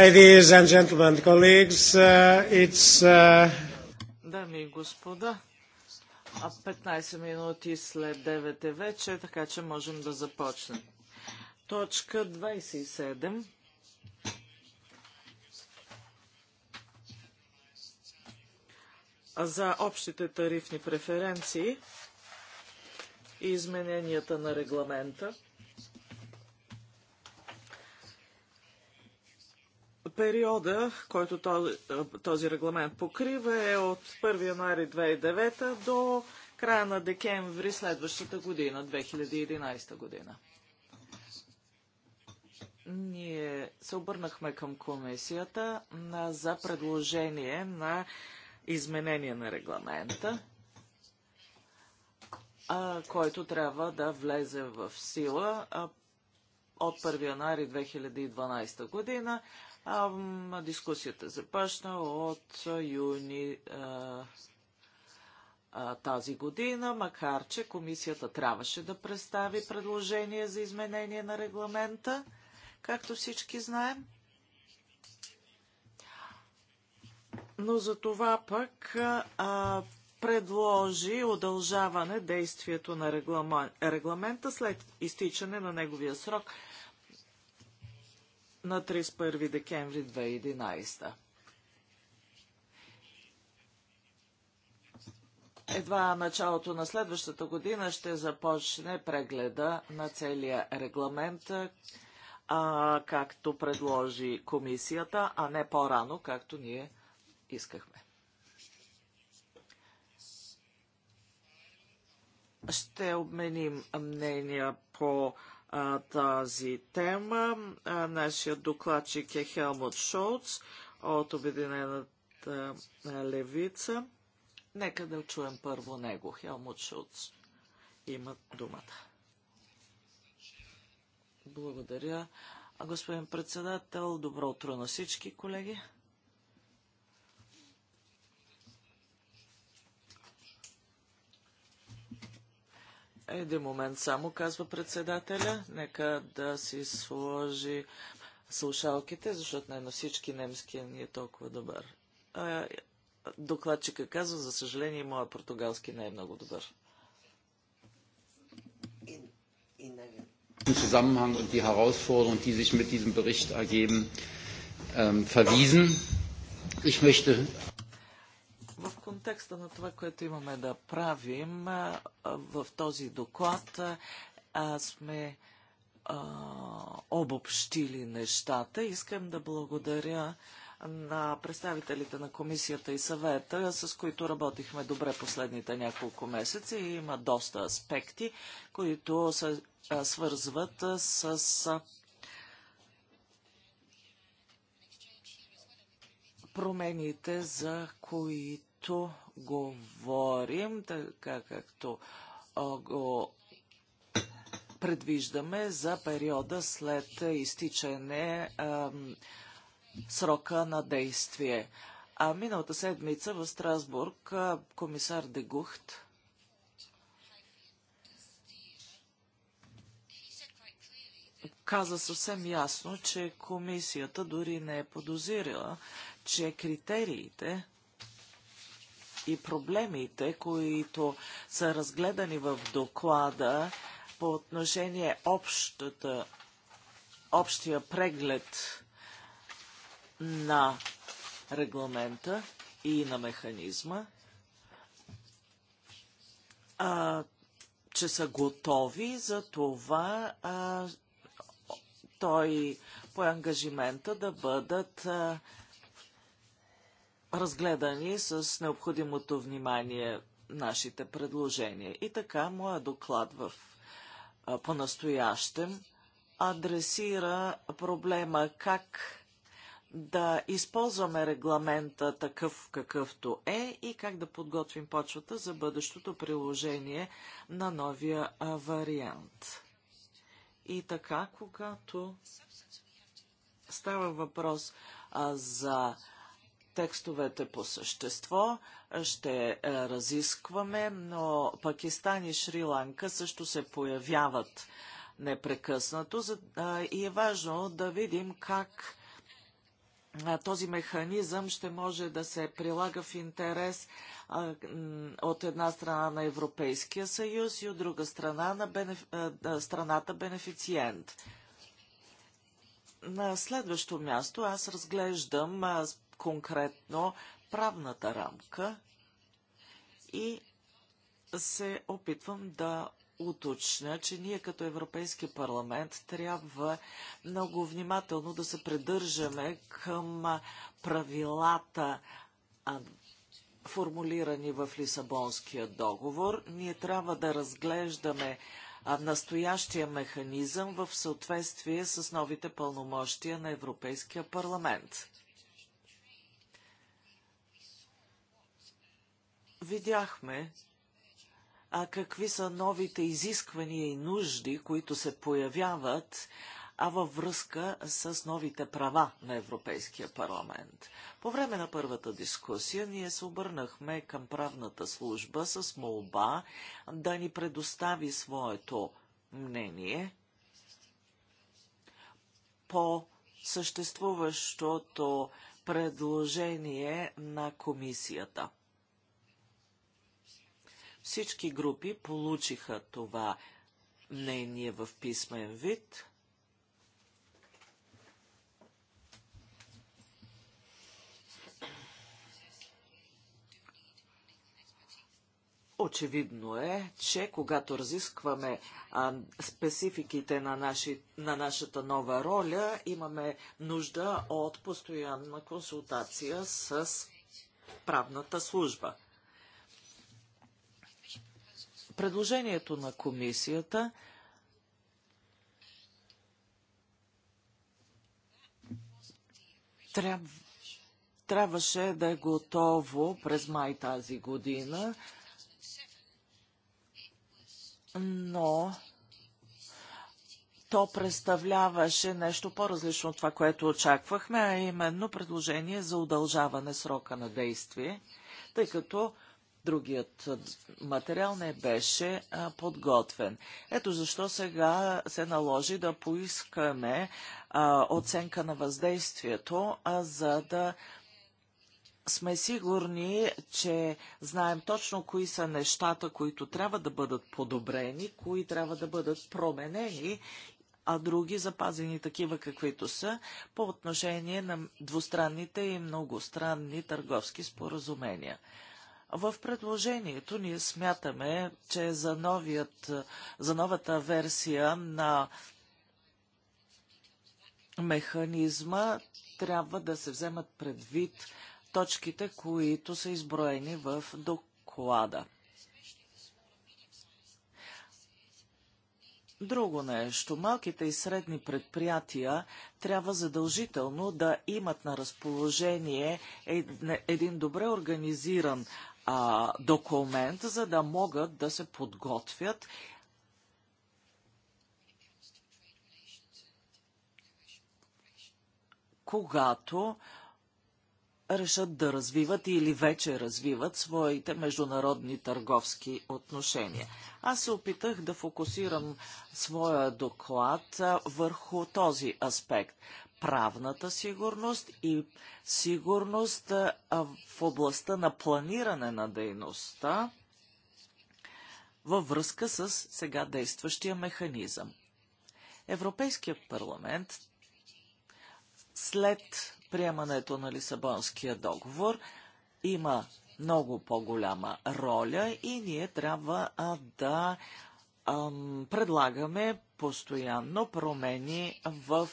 Ladies and gentlemen, colleagues, uh, it's... Uh... Дами и господа, 15 минути след 9 е вече, така че можем да започнем. Точка 27. за общите тарифни преференции и измененията на регламента. периода, който този, регламент покрива е от 1 януари 2009 до края на декември следващата година, 2011 година. Ние се обърнахме към комисията на, за предложение на изменение на регламента, а, който трябва да влезе в сила а, от 1 януари 2012 година. А, дискусията започна от юни тази година, макар че комисията трябваше да представи предложение за изменение на регламента, както всички знаем. Но за това пък а, предложи удължаване действието на регламента след изтичане на неговия срок – на 31 декември 2011. Едва началото на следващата година ще започне прегледа на целия регламент, а, както предложи комисията, а не по-рано, както ние искахме. Ще обменим мнения по тази тема. нашият докладчик е Хелмут Шолц от Обединената левица. Нека да чуем първо него. Хелмут Шулц има думата. Благодаря. Господин председател, добро утро на всички колеги. Един момент само, казва председателя. Нека да си сложи слушалките, защото не на всички немския ни е толкова добър. А, докладчика казва, за съжаление, моя португалски не е много добър. Zusammenhang und die Herausforderungen, die sich mit diesem Bericht ergeben, ähm, verwiesen. Ich möchte контекста на това, което имаме да правим в този доклад, сме обобщили нещата. Искам да благодаря на представителите на комисията и съвета, с които работихме добре последните няколко месеца и има доста аспекти, които се свързват с промените, за които както говорим, така както го предвиждаме за периода след изтичане а, срока на действие. А миналата седмица в Страсбург комисар Дегухт каза съвсем ясно, че комисията дори не е подозирала, че критериите и проблемите, които са разгледани в доклада по отношение общата, общия преглед на регламента и на механизма, а, че са готови за това а, той по ангажимента да бъдат а, разгледани с необходимото внимание нашите предложения. И така, моя доклад в по-настоящем адресира проблема как да използваме регламента такъв какъвто е и как да подготвим почвата за бъдещото приложение на новия вариант. И така, когато става въпрос а, за текстовете по същество ще разискваме, но Пакистан и Шри-Ланка също се появяват непрекъснато и е важно да видим как този механизъм ще може да се прилага в интерес от една страна на Европейския съюз и от друга страна на бенеф... страната бенефициент. На следващо място аз разглеждам конкретно правната рамка и се опитвам да уточня, че ние като Европейски парламент трябва много внимателно да се придържаме към правилата, формулирани в Лисабонския договор. Ние трябва да разглеждаме настоящия механизъм в съответствие с новите пълномощия на Европейския парламент. видяхме а, какви са новите изисквания и нужди, които се появяват а във връзка с новите права на Европейския парламент. По време на първата дискусия ние се обърнахме към правната служба с молба да ни предостави своето мнение по съществуващото предложение на комисията – Всички групи получиха това мнение в писмен вид. Очевидно е, че когато разискваме а, спецификите на, наши, на нашата нова роля, имаме нужда от постоянна консултация с правната служба предложението на комисията тряб... трябваше да е готово през май тази година, но то представляваше нещо по-различно от това, което очаквахме, а именно предложение за удължаване срока на действие, тъй като другият материал не беше подготвен. Ето защо сега се наложи да поискаме оценка на въздействието, за да сме сигурни, че знаем точно кои са нещата, които трябва да бъдат подобрени, кои трябва да бъдат променени а други запазени такива каквито са по отношение на двустранните и многостранни търговски споразумения. В предложението ние смятаме, че за, новият, за новата версия на механизма трябва да се вземат предвид точките, които са изброени в доклада. Друго нещо. Малките и средни предприятия трябва задължително да имат на разположение един добре организиран а, документ, за да могат да се подготвят когато решат да развиват или вече развиват своите международни търговски отношения. Аз се опитах да фокусирам своя доклад върху този аспект правната сигурност и сигурност в областта на планиране на дейността във връзка с сега действащия механизъм. Европейският парламент след приемането на Лисабонския договор има много по-голяма роля и ние трябва а, да а, предлагаме постоянно промени в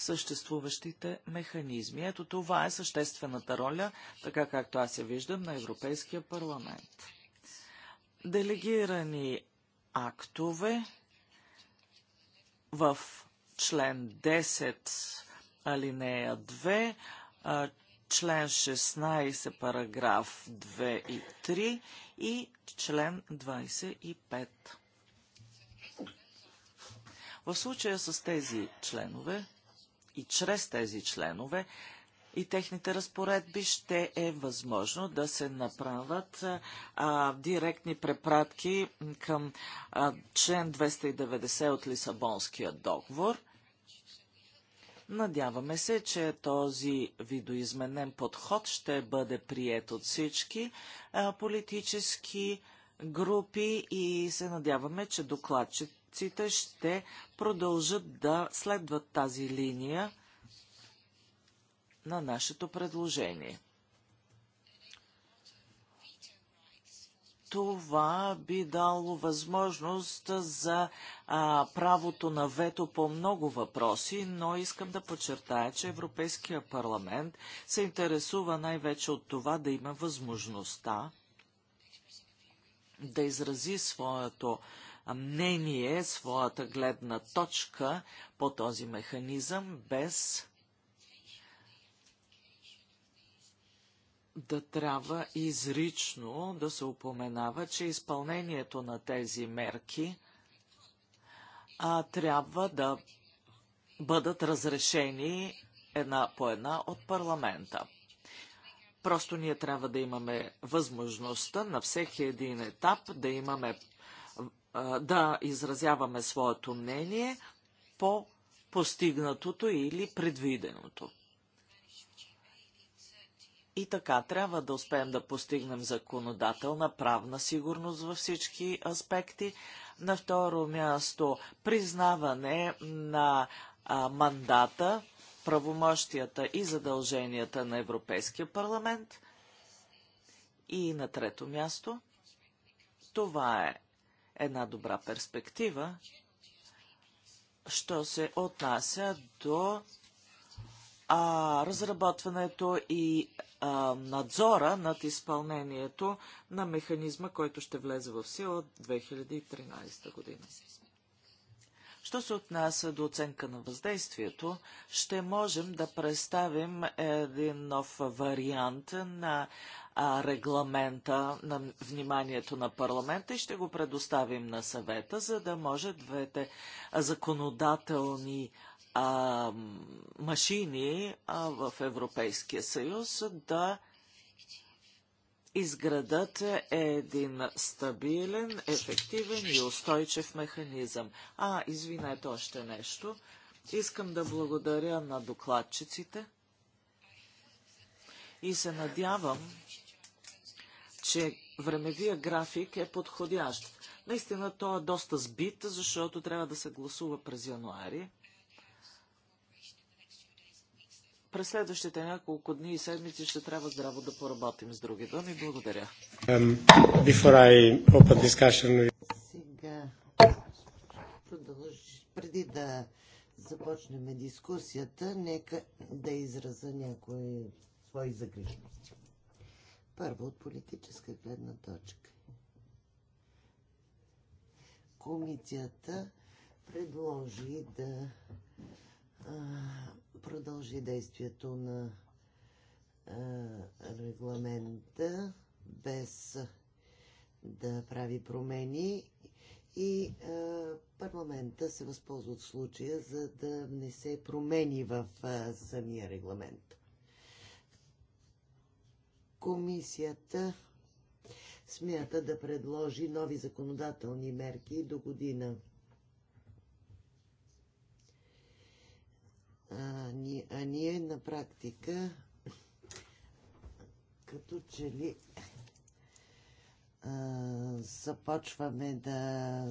съществуващите механизми. Ето това е съществената роля, така както аз я виждам, на Европейския парламент. Делегирани актове в член 10 алинея 2, член 16 параграф 2 и 3 и член 25. В случая с тези членове и чрез тези членове и техните разпоредби ще е възможно да се направят а, директни препратки към а, член 290 от Лисабонския договор. Надяваме се, че този видоизменен подход ще бъде прият от всички а, политически групи и се надяваме, че докладчик политиците ще продължат да следват тази линия на нашето предложение. това би дало възможност за а, правото на вето по много въпроси, но искам да подчертая, че Европейския парламент се интересува най-вече от това да има възможността да изрази своето мнение, своята гледна точка по този механизъм, без да трябва изрично да се упоменава, че изпълнението на тези мерки а, трябва да бъдат разрешени една по една от парламента. Просто ние трябва да имаме възможността на всеки един етап да имаме да изразяваме своето мнение по постигнатото или предвиденото. И така, трябва да успеем да постигнем законодателна правна сигурност във всички аспекти. На второ място, признаване на а, мандата, правомощията и задълженията на Европейския парламент. И на трето място, това е една добра перспектива, що се отнася до а, разработването и а, надзора над изпълнението на механизма, който ще влезе в сила от 2013 година. Що се отнася до оценка на въздействието, ще можем да представим един нов вариант на регламента на вниманието на парламента и ще го предоставим на съвета, за да може двете законодателни машини в Европейския съюз да изградат е един стабилен, ефективен и устойчив механизъм. А, извинете още нещо. Искам да благодаря на докладчиците и се надявам, че времевия график е подходящ. Наистина, то е доста сбит, защото трябва да се гласува през януари. през следващите няколко дни и седмици ще трябва здраво да поработим с други думи. Благодаря. Um, Сега, преди да започнем дискусията, нека да израза някои свои загрижности. Първо, от политическа гледна точка. Комисията предложи да продължи действието на регламента без да прави промени и парламента се възползва от случая, за да внесе промени в самия регламент. Комисията смята да предложи нови законодателни мерки до година. а, ние на практика като че ли а, започваме да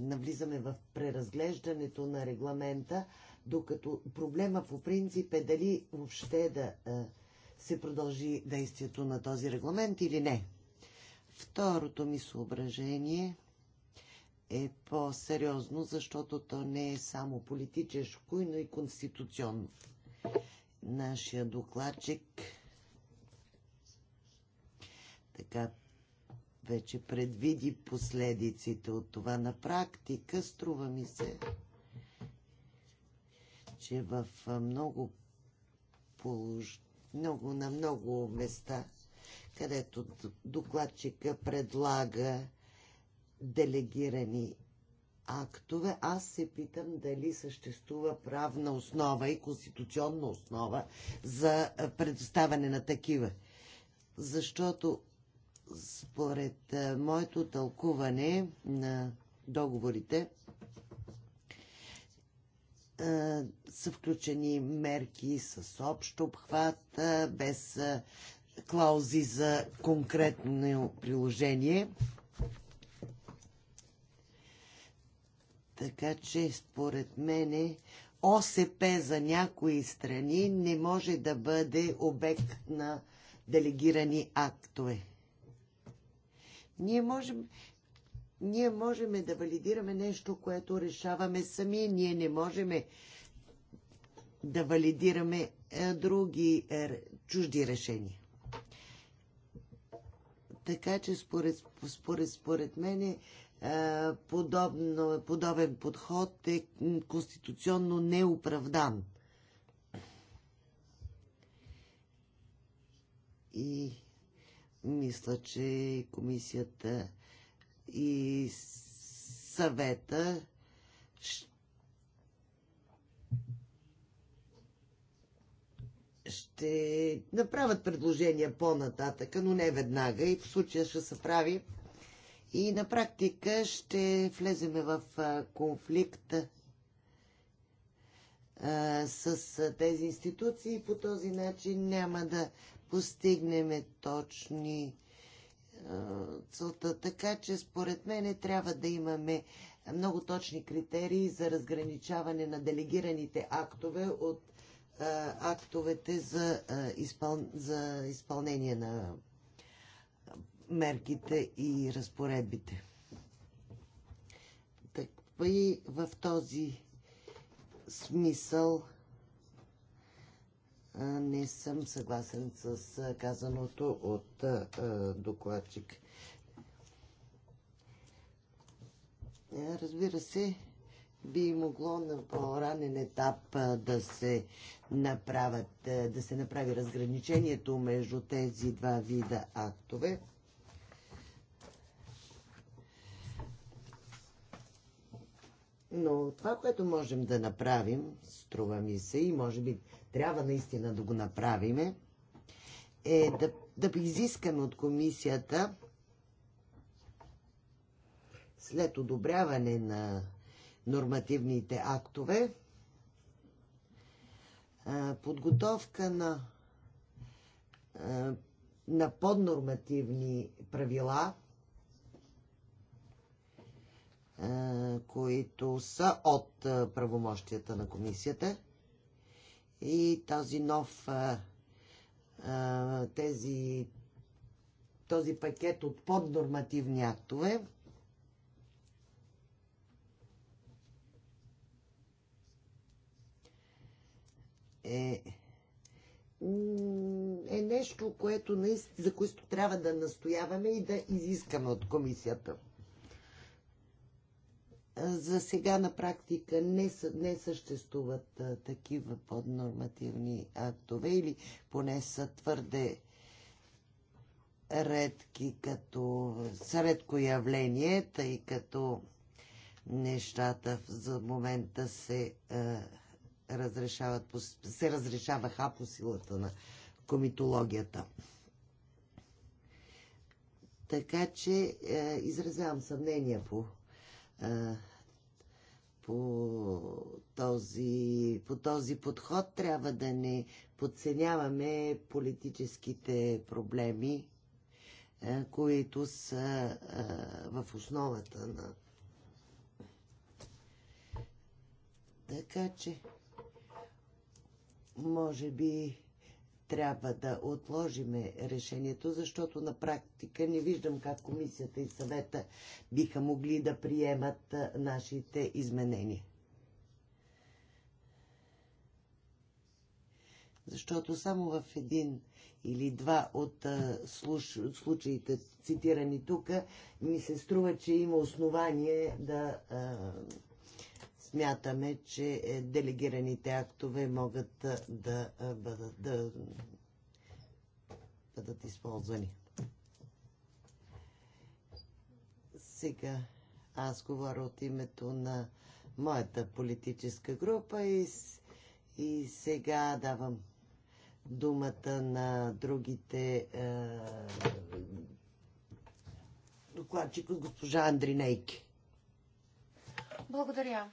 навлизаме в преразглеждането на регламента, докато проблема по принцип е дали въобще да а, се продължи действието на този регламент или не. Второто ми съображение – е по-сериозно, защото то не е само политическо, но и конституционно. Нашия докладчик така вече предвиди последиците от това на практика, струва ми се, че в много, полож... много на много места, където докладчика предлага делегирани актове, аз се питам дали съществува правна основа и конституционна основа за предоставяне на такива. Защото според моето тълкуване на договорите са включени мерки с общ обхват, без клаузи за конкретно приложение – Така че, според мене, ОСП за някои страни не може да бъде обект на делегирани актове. Ние можем, ние можем да валидираме нещо, което решаваме сами. Ние не можем да валидираме е, други е, чужди решения. Така че според, според, според мен подобно, подобен подход е конституционно неоправдан. И мисля, че комисията и съвета ще направят предложения по-нататъка, но не веднага и в случая ще се прави И на практика ще влезем в конфликт с тези институции и по този начин няма да постигнем точни целта. Така че според мен трябва да имаме много точни критерии за разграничаване на делегираните актове от актовете за, изпъл... за изпълнение на мерките и разпоредбите. Така и в този смисъл не съм съгласен с казаното от докладчик. Разбира се, би могло на по-ранен етап да се направят, да се направи разграничението между тези два вида актове. Но това, което можем да направим, струва ми се и може би трябва наистина да го направиме, е да, да изискаме от комисията след одобряване на нормативните актове, подготовка на, на поднормативни правила – които са от правомощията на комисията. И този нов тези, този пакет от поднормативни актове е, е нещо, което наистина, за което трябва да настояваме и да изискаме от комисията. За сега на практика не, не съществуват а, такива поднормативни актове или поне са твърде редки като средко явление, тъй като нещата за момента се а, разрешават, се разрешаваха по силата на комитологията. Така че е, изразявам съмнение по е, по този, по този подход трябва да не подценяваме политическите проблеми, които са в основата на. Така че, може би трябва да отложиме решението, защото на практика не виждам как комисията и съвета биха могли да приемат нашите изменения. Защото само в един или два от случаите, цитирани тук, ми се струва, че има основание да Смятаме, че делегираните актове могат да бъдат, да бъдат използвани. Сега аз говоря от името на моята политическа група и, и сега давам думата на другите е, докладчик от госпожа Андринейки. Благодаря.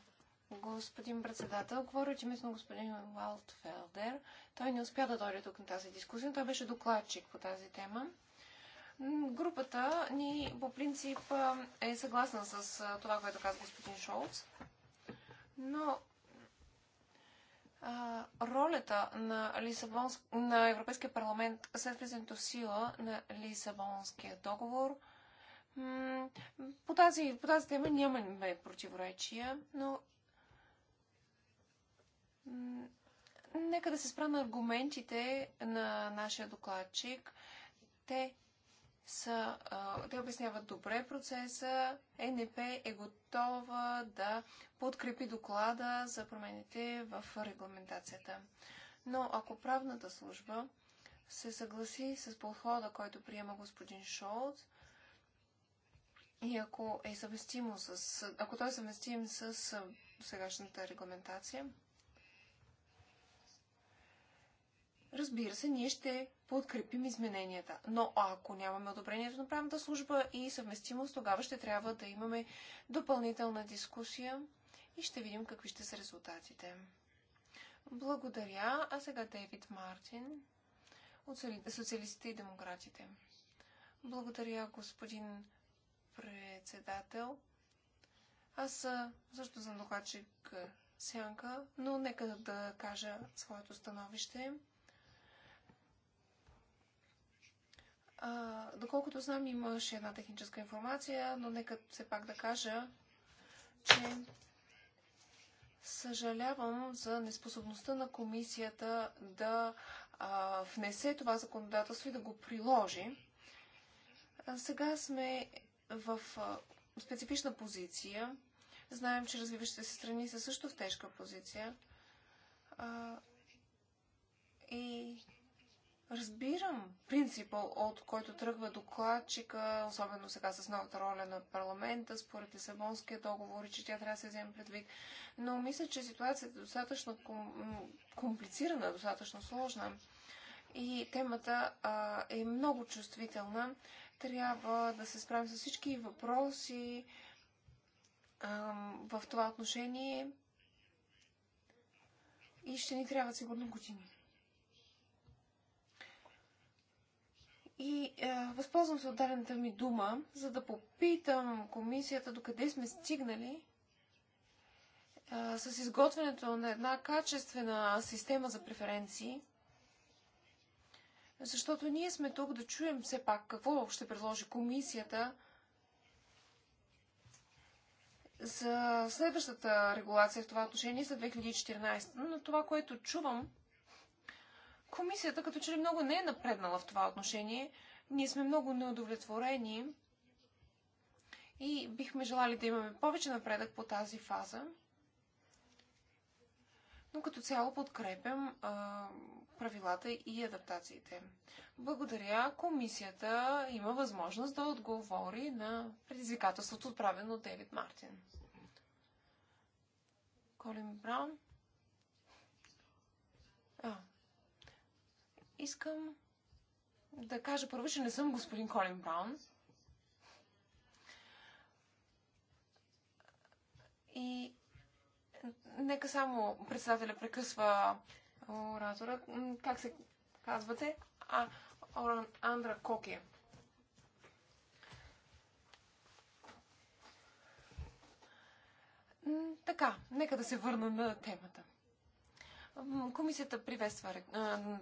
Господин председател, говоря от името на господин Валтфелдер. Той не успя да дойде тук на тази дискусия, той беше докладчик по тази тема. Групата ни по принцип е съгласна с това, което каза господин Шолц, но а, ролята на, Лисабонск... на Европейския парламент след влизането в сила на Лисабонския договор по тази, по тази тема нямаме противоречия, но Нека да се спра на аргументите на нашия докладчик. Те са, те обясняват добре процеса. НП е готова да подкрепи доклада за промените в регламентацията. Но ако правната служба се съгласи с подхода, който приема господин Шолц, и ако е съвместимо с, ако той е съвместим с сегашната регламентация, Разбира се, ние ще подкрепим измененията. Но ако нямаме одобрението на правната служба и съвместимост, тогава ще трябва да имаме допълнителна дискусия и ще видим какви ще са резултатите. Благодаря. А сега Дейвид Мартин от Социалистите и Демократите. Благодаря, господин председател. Аз също съм докладчик Сянка, но нека да кажа своето становище. А, доколкото знам, имаше една техническа информация, но нека все пак да кажа, че съжалявам за неспособността на комисията да а, внесе това законодателство и да го приложи. А, сега сме в а, специфична позиция. Знаем, че развиващите се страни са също в тежка позиция. А, и Разбирам принципа, от който тръгва докладчика, особено сега с новата роля на парламента, според Лисабонския договор и че тя трябва да се вземе предвид. Но мисля, че ситуацията е достатъчно ком... комплицирана, достатъчно сложна. И темата а, е много чувствителна. Трябва да се справим с всички въпроси а, в това отношение. И ще ни трябва сигурно години. И а, възползвам се от дадената ми дума, за да попитам комисията докъде сме стигнали а, с изготвянето на една качествена система за преференции. Защото ние сме тук да чуем все пак какво ще предложи комисията за следващата регулация в това отношение за 2014. Но това, което чувам Комисията като че ли много не е напреднала в това отношение. Ние сме много неудовлетворени и бихме желали да имаме повече напредък по тази фаза. Но като цяло подкрепям а, правилата и адаптациите. Благодаря. Комисията има възможност да отговори на предизвикателството, отправено от Девид Мартин. Колин Браун. А, Искам да кажа първо, че не съм господин Колин Браун. И нека само председателя прекъсва оратора. Как се казвате? А, Оран Андра Коки. Така, нека да се върна на темата. Комисията приветства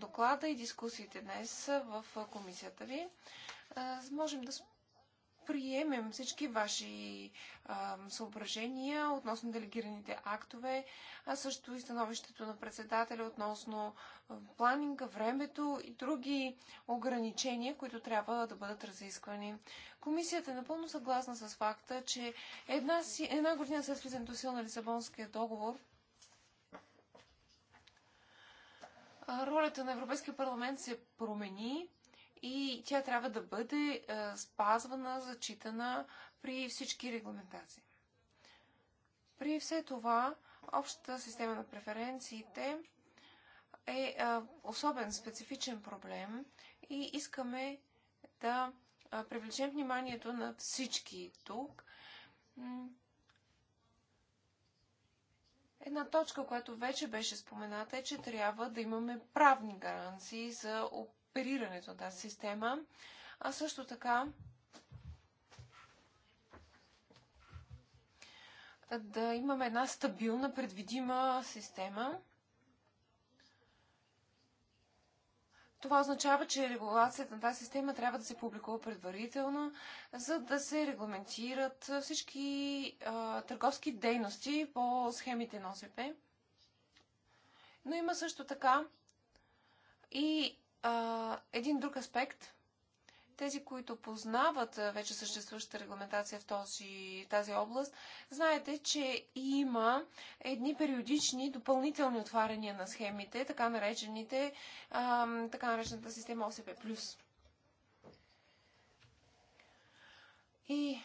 доклада и дискусиите днес в комисията ви. Можем да приемем всички ваши съображения относно делегираните актове, а също и становището на председателя относно планинга, времето и други ограничения, които трябва да бъдат разисквани. Комисията е напълно съгласна с факта, че една, една година след влизането сил на Лисабонския договор ролята на Европейския парламент се промени и тя трябва да бъде спазвана, зачитана при всички регламентации. При все това, общата система на преференциите е особен, специфичен проблем и искаме да привлечем вниманието на всички тук Една точка, която вече беше спомената е, че трябва да имаме правни гаранции за оперирането на тази система, а също така да имаме една стабилна, предвидима система – Това означава, че регулацията на тази система трябва да се публикува предварително, за да се регламентират всички а, търговски дейности по схемите на ОСП. Но има също така и а, един друг аспект, Тези, които познават вече съществуващата регламентация в този, тази област, знаете, че има едни периодични допълнителни отваряния на схемите, така наречените, така наречената система ОСП+. И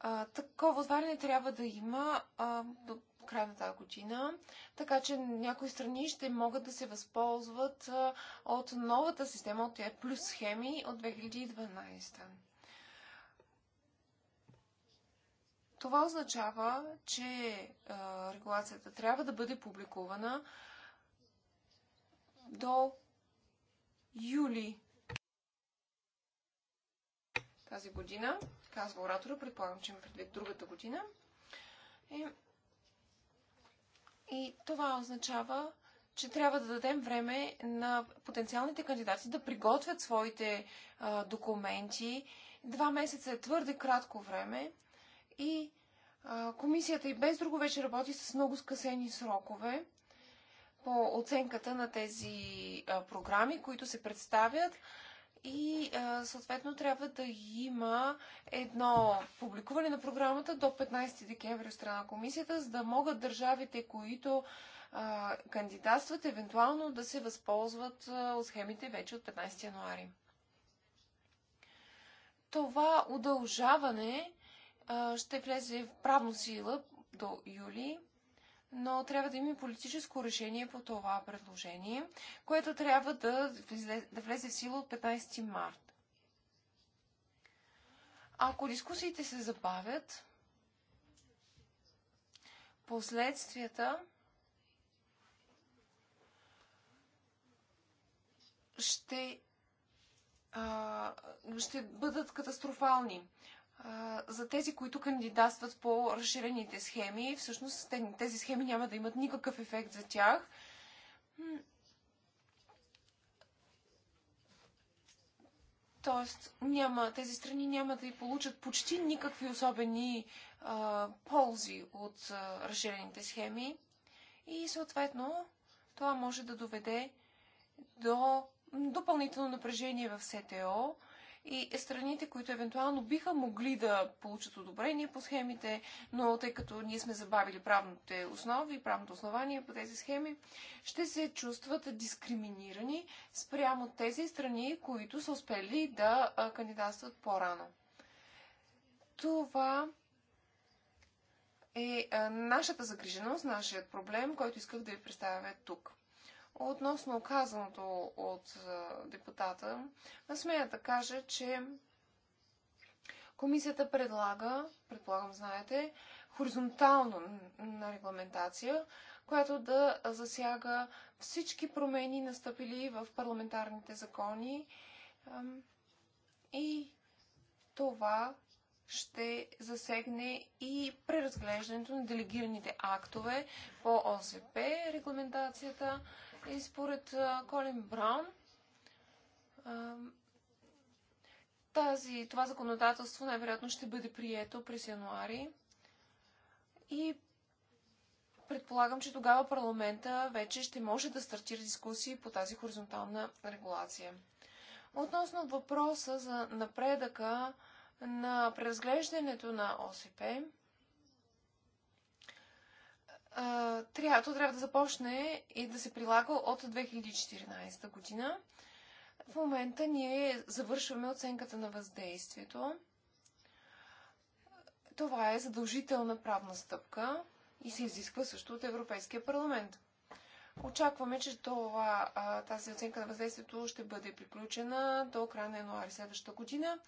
а, такова отваряне трябва да има а, до края на тази година, така че някои страни ще могат да се възползват от новата система, от тези плюс схеми от 2012. Това означава, че регулацията трябва да бъде публикувана до юли тази година, казва оратора, предполагам, че има предвид другата година. И И това означава, че трябва да дадем време на потенциалните кандидати да приготвят своите а, документи. Два месеца е твърде кратко време и а, комисията и без друго вече работи с много скъсени срокове по оценката на тези а, програми, които се представят И а, съответно трябва да има едно публикуване на програмата до 15 декември от страна комисията, за да могат държавите, които а, кандидатстват, евентуално да се възползват а, от схемите вече от 15 януари. Това удължаване а, ще влезе в правно сила до юли но трябва да има политическо решение по това предложение, което трябва да влезе, да влезе в сила от 15 март. Ако дискусиите се забавят, последствията ще, а, ще бъдат катастрофални за тези, които кандидатстват по разширените схеми. Всъщност тези схеми няма да имат никакъв ефект за тях. Тоест, няма, тези страни няма да и получат почти никакви особени а, ползи от а, разширените схеми. И съответно, това може да доведе до допълнително напрежение в СТО, и страните, които евентуално биха могли да получат одобрение по схемите, но тъй като ние сме забавили правните основи, правното основание по тези схеми, ще се чувстват дискриминирани спрямо тези страни, които са успели да кандидатстват по-рано. Това е нашата загриженост, нашият проблем, който исках да ви представя тук. Относно казаното от депутата, смея да кажа, че комисията предлага, предполагам знаете, хоризонтална на регламентация, която да засяга всички промени, настъпили в парламентарните закони. И това ще засегне и преразглеждането на делегираните актове по ОСП, регламентацията И според Колин Браун, тази, това законодателство най-вероятно ще бъде прието през януари. И предполагам, че тогава парламента вече ще може да стартира дискусии по тази хоризонтална регулация. Относно въпроса за напредъка на преразглеждането на ОСП, трябва, то трябва да започне и да се прилага от 2014 година. В момента ние завършваме оценката на въздействието. Това е задължителна правна стъпка и се изисква също от Европейския парламент. Очакваме, че това, тази оценка на въздействието ще бъде приключена до края на януари следващата година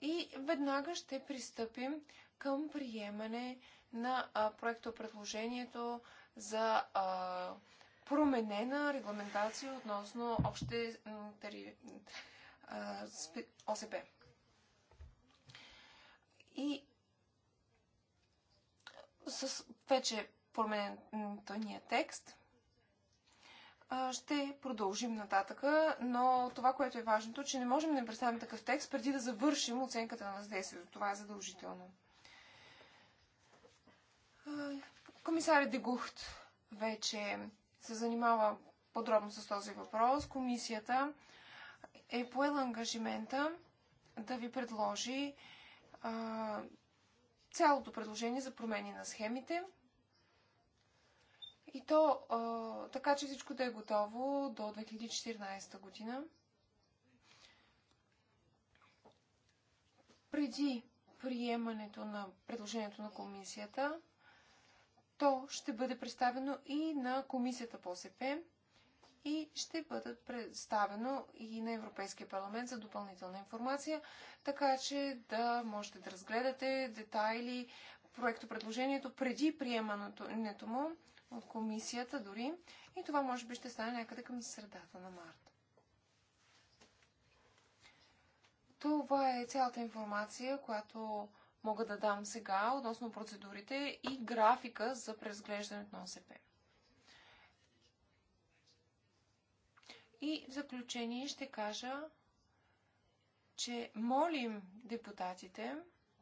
и веднага ще пристъпим към приемане на проекто предложението за променена регламентация относно общите ОСП. И с вече променения текст ще продължим нататъка, но това, което е важното, че не можем да представим такъв текст преди да завършим оценката на въздействието. Това е задължително. Комисарят Дегухт вече се занимава подробно с този въпрос. Комисията е поела ангажимента да ви предложи а, цялото предложение за промени на схемите. И то а, така, че всичко да е готово до 2014 година. Преди приемането на предложението на комисията, то ще бъде представено и на Комисията по СП и ще бъдат представено и на Европейския парламент за допълнителна информация, така че да можете да разгледате детайли, проекто предложението преди приемането му от комисията дори. И това може би ще стане някъде към средата на март. Това е цялата информация, която мога да дам сега относно процедурите и графика за презглеждането на ОСП. И в заключение ще кажа, че молим депутатите,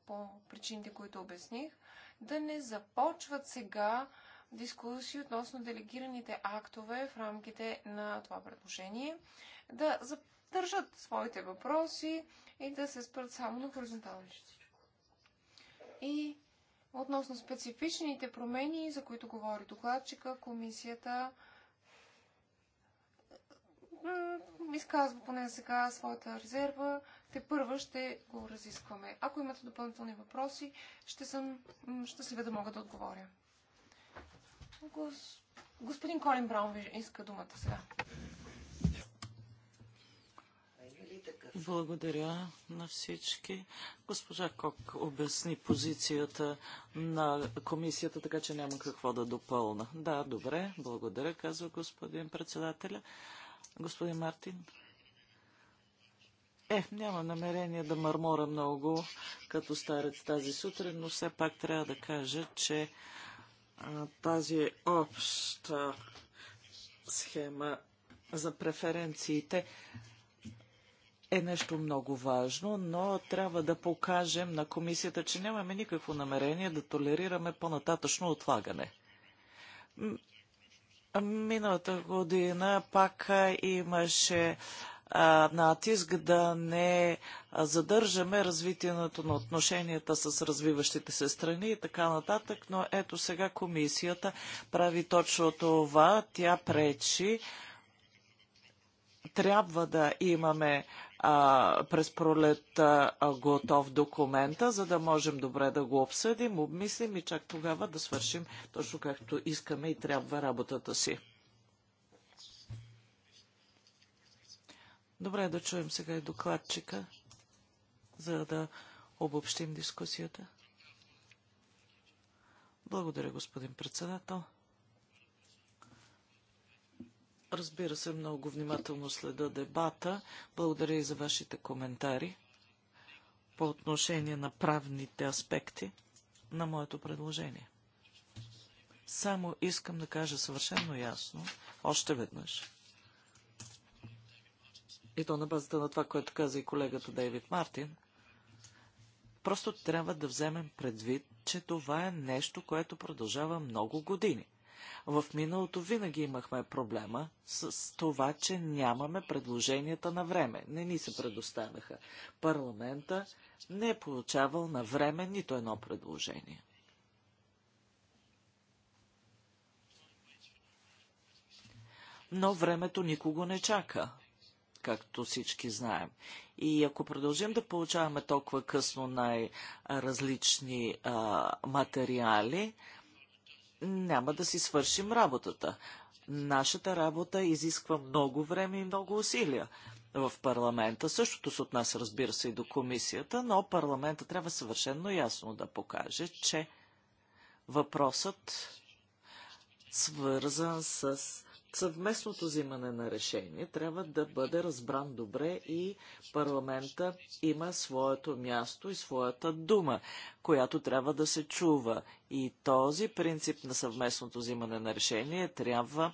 по причините, които обясних, да не започват сега дискусии относно делегираните актове в рамките на това предложение, да задържат своите въпроси и да се спрат само на хоризонталните. И относно специфичните промени, за които говори докладчика, комисията изказва поне сега своята резерва. Те първа ще го разискваме. Ако имате допълнителни въпроси, ще съм щастлива да мога да отговоря. Господин Колин Браун иска думата сега. Благодаря на всички. Госпожа Кок обясни позицията на комисията, така че няма какво да допълна. Да, добре, благодаря, казва господин председателя. Господин Мартин. Е, няма намерение да мърмора много като старец тази сутрин, но все пак трябва да кажа, че а, тази обща схема за преференциите е нещо много важно, но трябва да покажем на комисията, че нямаме никакво намерение да толерираме по-нататъчно отлагане. Миналата година пак имаше натиск да не задържаме развитието на отношенията с развиващите се страни и така нататък, но ето сега комисията прави точно това. Тя пречи. Трябва да имаме през пролетта готов документа, за да можем добре да го обсъдим, обмислим и чак тогава да свършим точно както искаме и трябва работата си. Добре, да чуем сега и докладчика, за да обобщим дискусията. Благодаря, господин председател. Разбира се, много внимателно следа дебата. Благодаря и за вашите коментари по отношение на правните аспекти на моето предложение. Само искам да кажа съвършено ясно, още веднъж, и то на базата на това, което каза и колегата Дейвид Мартин, просто трябва да вземем предвид, че това е нещо, което продължава много години – В миналото винаги имахме проблема с с това, че нямаме предложенията на време. Не ни се предоставяха. Парламента не е получавал на време нито едно предложение. Но времето никого не чака, както всички знаем. И ако продължим да получаваме толкова късно най-различни материали, няма да си свършим работата. Нашата работа изисква много време и много усилия в парламента. Същото се отнася, разбира се, и до комисията, но парламента трябва съвършенно ясно да покаже, че въпросът свързан с съвместното взимане на решение трябва да бъде разбран добре и парламента има своето място и своята дума, която трябва да се чува. И този принцип на съвместното взимане на решение трябва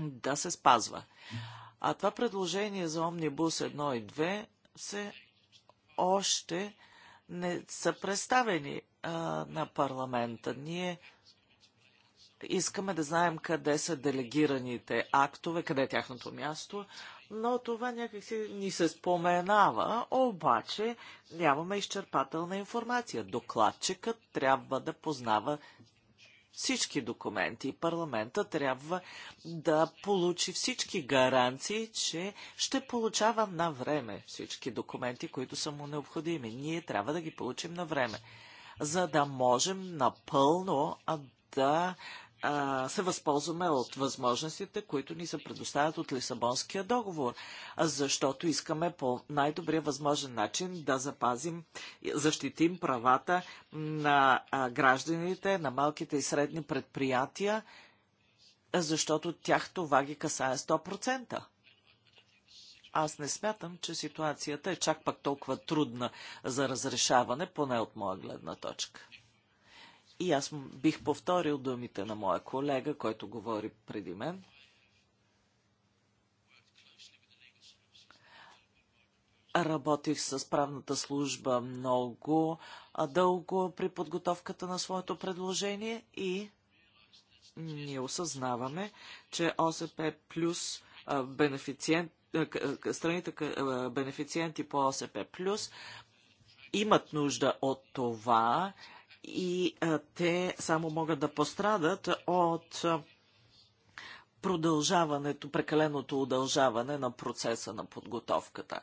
да се спазва. А това предложение за Омнибус 1 и 2 се още не са представени а, на парламента. Ние Искаме да знаем къде са делегираните актове, къде е тяхното място, но това някакси ни се споменава, обаче нямаме изчерпателна информация. Докладчикът трябва да познава всички документи. и Парламента трябва да получи всички гаранции, че ще получава на време всички документи, които са му необходими. Ние трябва да ги получим на време, за да можем напълно да се възползваме от възможностите, които ни се предоставят от Лисабонския договор, защото искаме по най-добрия възможен начин да запазим, защитим правата на гражданите, на малките и средни предприятия, защото тях това ги касае 100%. Аз не смятам, че ситуацията е чак пак толкова трудна за разрешаване, поне от моя гледна точка. И аз бих повторил думите на моя колега, който говори преди мен. Работих с правната служба много дълго при подготовката на своето предложение и ние осъзнаваме, че ОСП плюс бенефициент, страните бенефициенти по ОСП плюс имат нужда от това и те само могат да пострадат от продължаването, прекаленото удължаване на процеса на подготовката.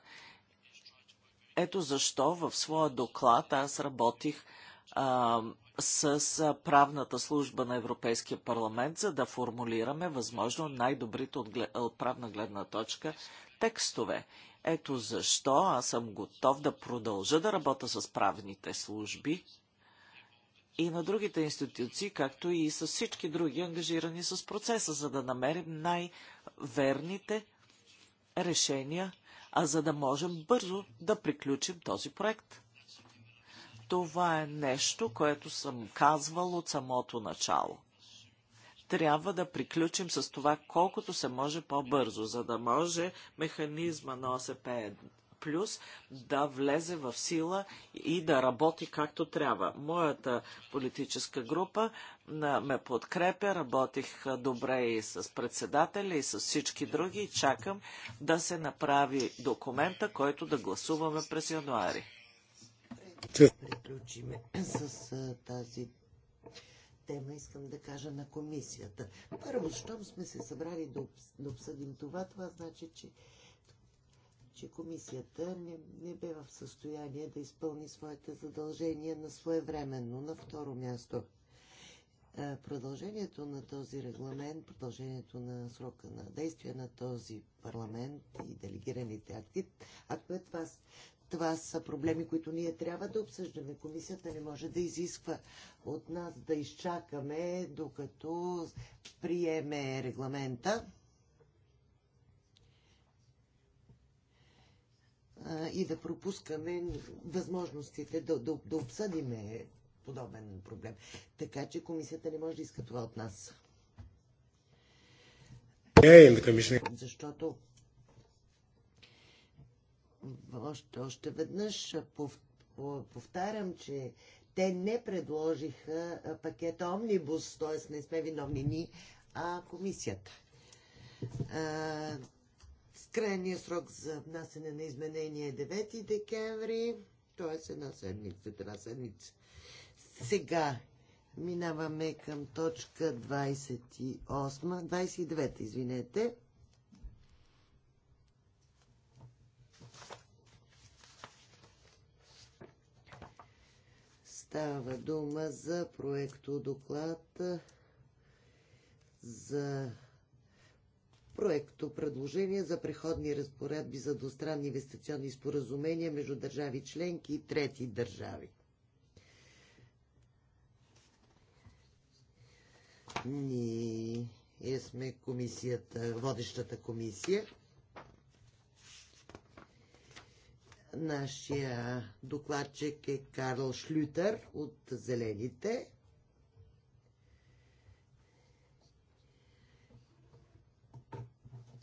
Ето защо в своя доклад аз работих а, с правната служба на Европейския парламент, за да формулираме възможно най-добрите от, от правна гледна точка текстове. Ето защо аз съм готов да продължа да работя с правните служби и на другите институции, както и с всички други ангажирани с процеса, за да намерим най-верните решения, а за да можем бързо да приключим този проект. Това е нещо, което съм казвал от самото начало. Трябва да приключим с това колкото се може по-бързо, за да може механизма на ОСП плюс да влезе в сила и да работи както трябва. Моята политическа група ме подкрепя, работих добре и с председателя, и с всички други и чакам да се направи документа, който да гласуваме през януари. Приключиме с тази тема искам да кажа на комисията. Първо, щом сме се събрали да, обсъдим това, това значи, че че комисията не, не бе в състояние да изпълни своите задължения на свое време, но На второ място, продължението на този регламент, продължението на срока на действие на този парламент и делегираните акти, актове, това, това са проблеми, които ние трябва да обсъждаме. Комисията не може да изисква от нас да изчакаме, докато приеме регламента и да пропускаме възможностите да, да, да обсъдиме подобен проблем. Така че комисията не може да иска това от нас. Защото още, още веднъж повтарям, че те не предложиха пакет омнибус, т.е. не сме виновни ни, а комисията. Крайният срок за внасене на изменение е 9 декември, т.е. една седмица, една седмица. Сега минаваме към точка 28, 29, извинете. Става дума за проекто доклад за проекто предложение за преходни разпоредби за двустранни инвестиционни споразумения между държави членки и трети държави. Ние ние сме комисията, водещата комисия. Нашия докладчик е Карл Шлютер от Зелените.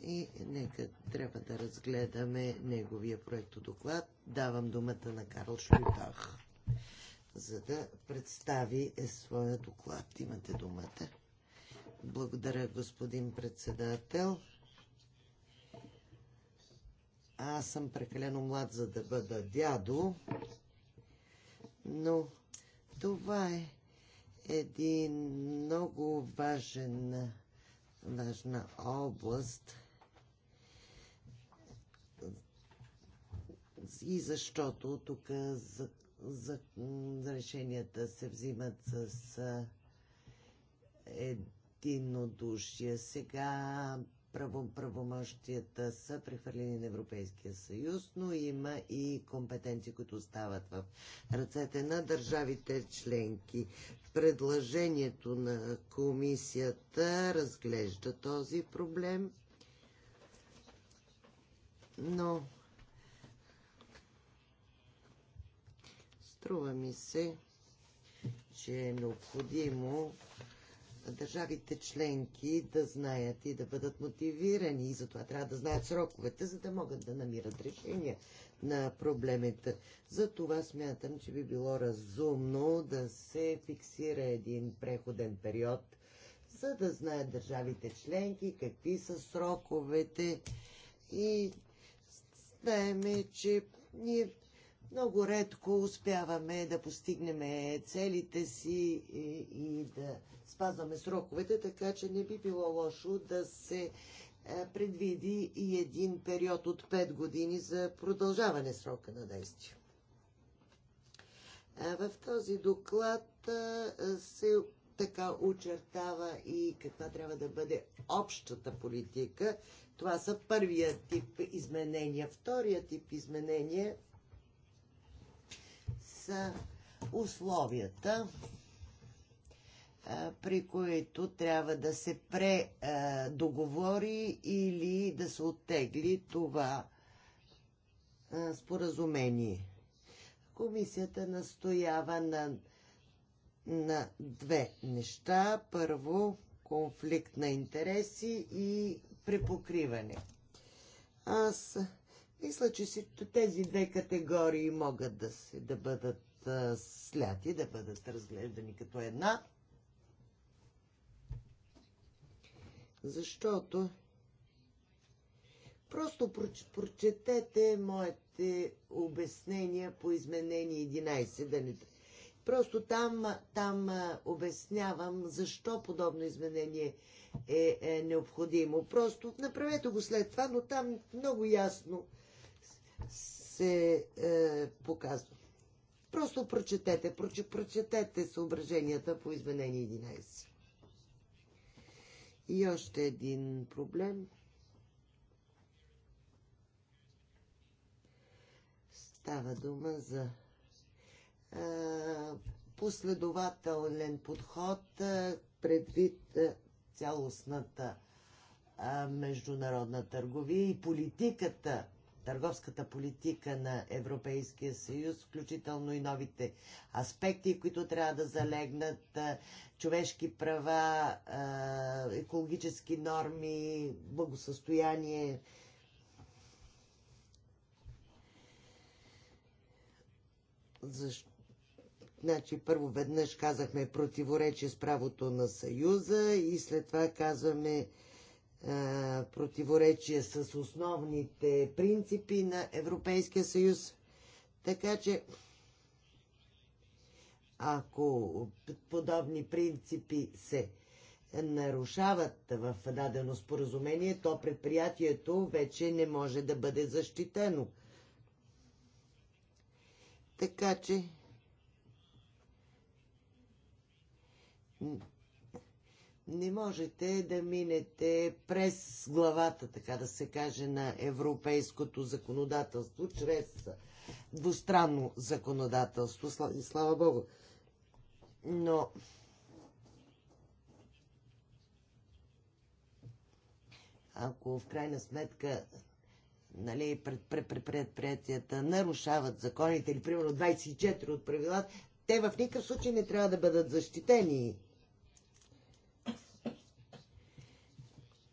и нека трябва да разгледаме неговия доклад. Давам думата на Карл Шлютах, за да представи е своя доклад. Имате думата. Благодаря, господин председател. Аз съм прекалено млад, за да бъда дядо, но това е един много важен, важна област – и защото тук за, за, за решенията се взимат с единодушие. Сега право, правомощията са прехвърлени на Европейския съюз, но има и компетенции, които остават в ръцете на държавите членки. Предложението на комисията разглежда този проблем, но Струва ми се, че е необходимо държавите членки да знаят и да бъдат мотивирани и затова трябва да знаят сроковете, за да могат да намират решение на проблемите. За това смятам, че би било разумно да се фиксира един преходен период, за да знаят държавите членки какви са сроковете и знаеме, че ние Много редко успяваме да постигнем целите си и, да спазваме сроковете, така че не би било лошо да се предвиди и един период от 5 години за продължаване срока на действие. В този доклад се така очертава и каква трябва да бъде общата политика. Това са първия тип изменения. Втория тип изменения – са условията, при които трябва да се предоговори или да се оттегли това споразумение. Комисията настоява на, на две неща. Първо, конфликт на интереси и препокриване. Аз Мисля, че си, тези две категории могат да, си, да бъдат а, сляти, да бъдат разглеждани като една. Защото просто прочетете моите обяснения по изменение 11. Да не... Просто там, там а, обяснявам защо подобно изменение е, е необходимо. Просто направете го след това, но там много ясно се е, показва. Просто прочетете, прочетете съображенията по изменение 11. И още един проблем. Става дума за е, последователен подход е, предвид е, цялостната е, международна търговия и политиката търговската политика на Европейския съюз, включително и новите аспекти, които трябва да залегнат, човешки права, екологически норми, благосъстояние. Защо? Значи, първо веднъж казахме противоречие с правото на Съюза и след това казваме противоречие с основните принципи на Европейския съюз. Така че, ако подобни принципи се нарушават в дадено споразумение, то предприятието вече не може да бъде защитено. Така че не можете да минете през главата, така да се каже, на европейското законодателство, чрез двустранно законодателство. И слава Богу. Но ако в крайна сметка нали, пред, пред, предприятията нарушават законите или примерно 24 от правилата, те в никакъв случай не трябва да бъдат защитени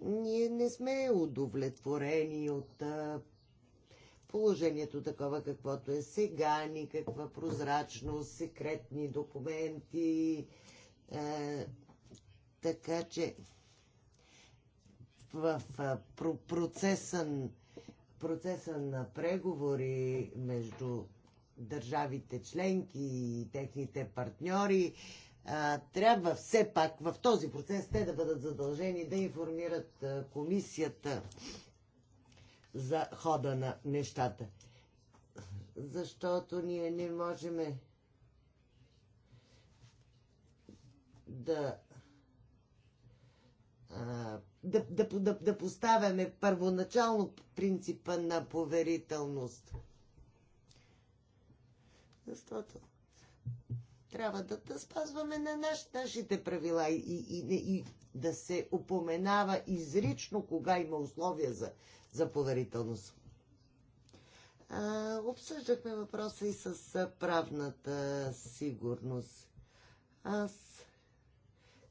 ние не сме удовлетворени от а, положението такова, каквото е сега, никаква прозрачност, секретни документи. А, така че в процеса, процеса на преговори между държавите членки и техните партньори трябва все пак в този процес те да бъдат задължени да информират комисията за хода на нещата. Защото ние не можем да, да, да, да, да поставяме първоначално принципа на поверителност. Защото трябва да, да спазваме на наш, нашите правила и, и, и, и да се упоменава изрично кога има условия за, за поверителност. А, обсъждахме въпроса и с правната сигурност. Аз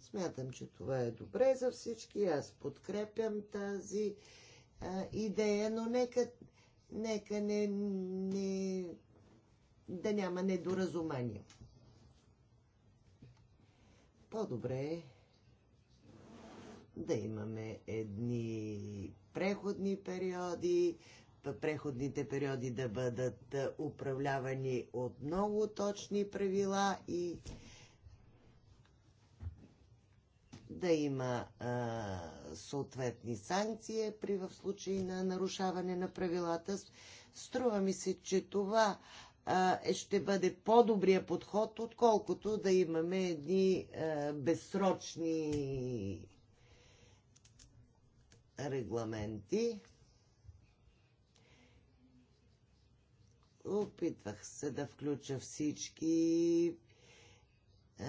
смятам, че това е добре за всички. Аз подкрепям тази а, идея, но нека, нека не, не, да няма недоразумение по-добре да имаме едни преходни периоди, преходните периоди да бъдат управлявани от много точни правила и да има а, съответни санкции при в случай на нарушаване на правилата. Струва ми се, че това ще бъде по-добрия подход, отколкото да имаме едни безсрочни регламенти. Опитвах се да включа всички е,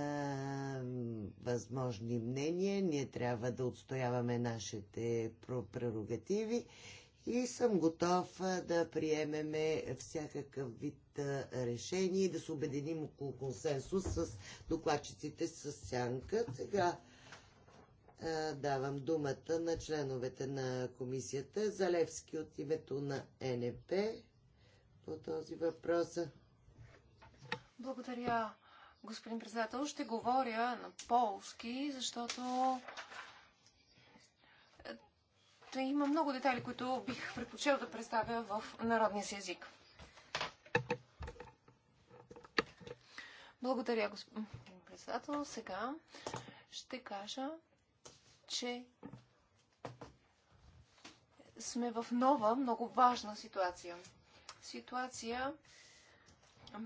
възможни мнения, ние трябва да отстояваме нашите прерогативи и съм готов да приемеме всякакъв вид решение и да се обединим около консенсус с докладчиците с сянка. Сега а, давам думата на членовете на комисията Залевски от името на НП по този въпрос. Благодаря, господин председател. Ще говоря на полски, защото има много детайли, които бих предпочел да представя в народния си език. Благодаря, господин председател. Сега ще кажа, че сме в нова, много важна ситуация. Ситуация,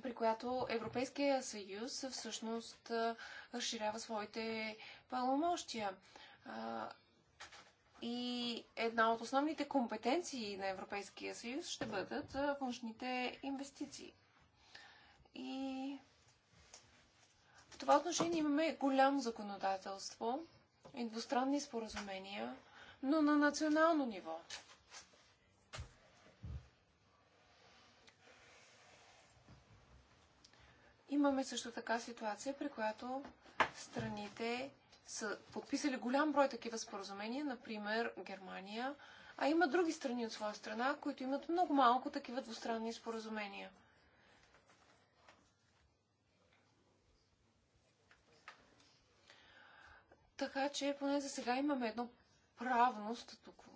при която Европейския съюз всъщност разширява своите пълномощия. И една от основните компетенции на Европейския съюз ще бъдат външните инвестиции. И това отношение имаме голямо законодателство и двустранни споразумения, но на национално ниво. Имаме също така ситуация, при която страните са подписали голям брой такива споразумения, например Германия, а има други страни от своя страна, които имат много малко такива двустранни споразумения – Така че поне за сега имаме едно правно статукво.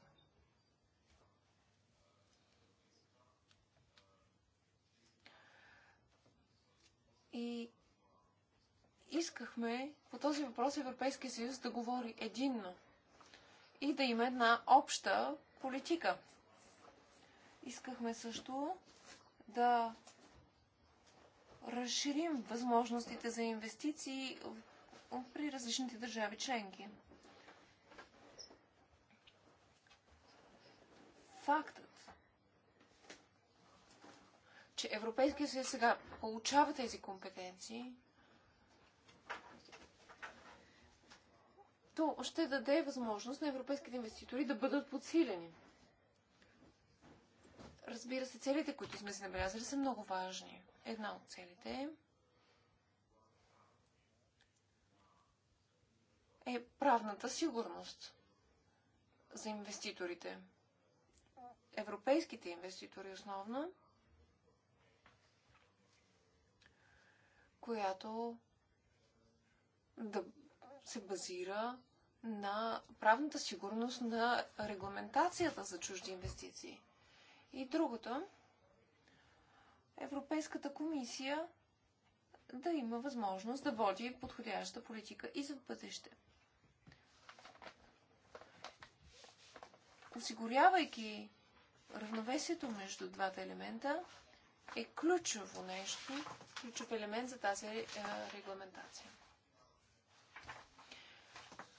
И искахме по този въпрос Европейския съюз да говори единно и да има една обща политика. Искахме също да разширим възможностите за инвестиции при различните държави членки. Фактът, че Европейския съюз сега получава тези компетенции, то ще даде възможност на европейските инвеститори да бъдат подсилени. Разбира се, целите, които сме си набелязали, са много важни. Една от целите е е правната сигурност за инвеститорите. Европейските инвеститори основно, която да се базира на правната сигурност на регламентацията за чужди инвестиции. И другото, Европейската комисия да има възможност да води подходяща политика и за бъдеще. осигурявайки равновесието между двата елемента, е ключово нещо, ключов елемент за тази регламентация.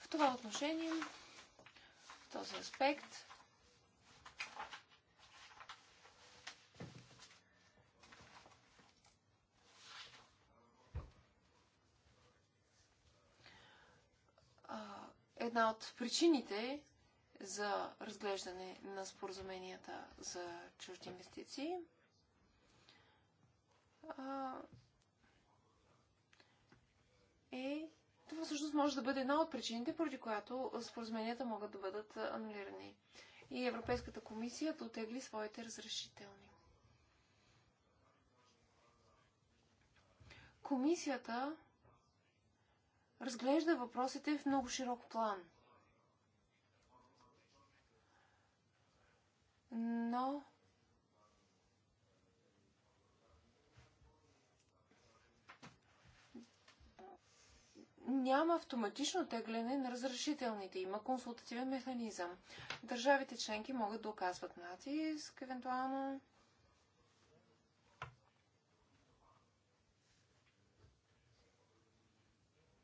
В това отношение, в този аспект, една от причините за разглеждане на споразуменията за чужди инвестиции. Е, това всъщност може да бъде една от причините, поради която споразуменията могат да бъдат анулирани. И Европейската комисия да отегли своите разрешителни. Комисията разглежда въпросите в много широк план – No, няма автоматично тегляне на разрешителните. Има консултативен механизъм. Държавите членки могат да оказват натиск, евентуално.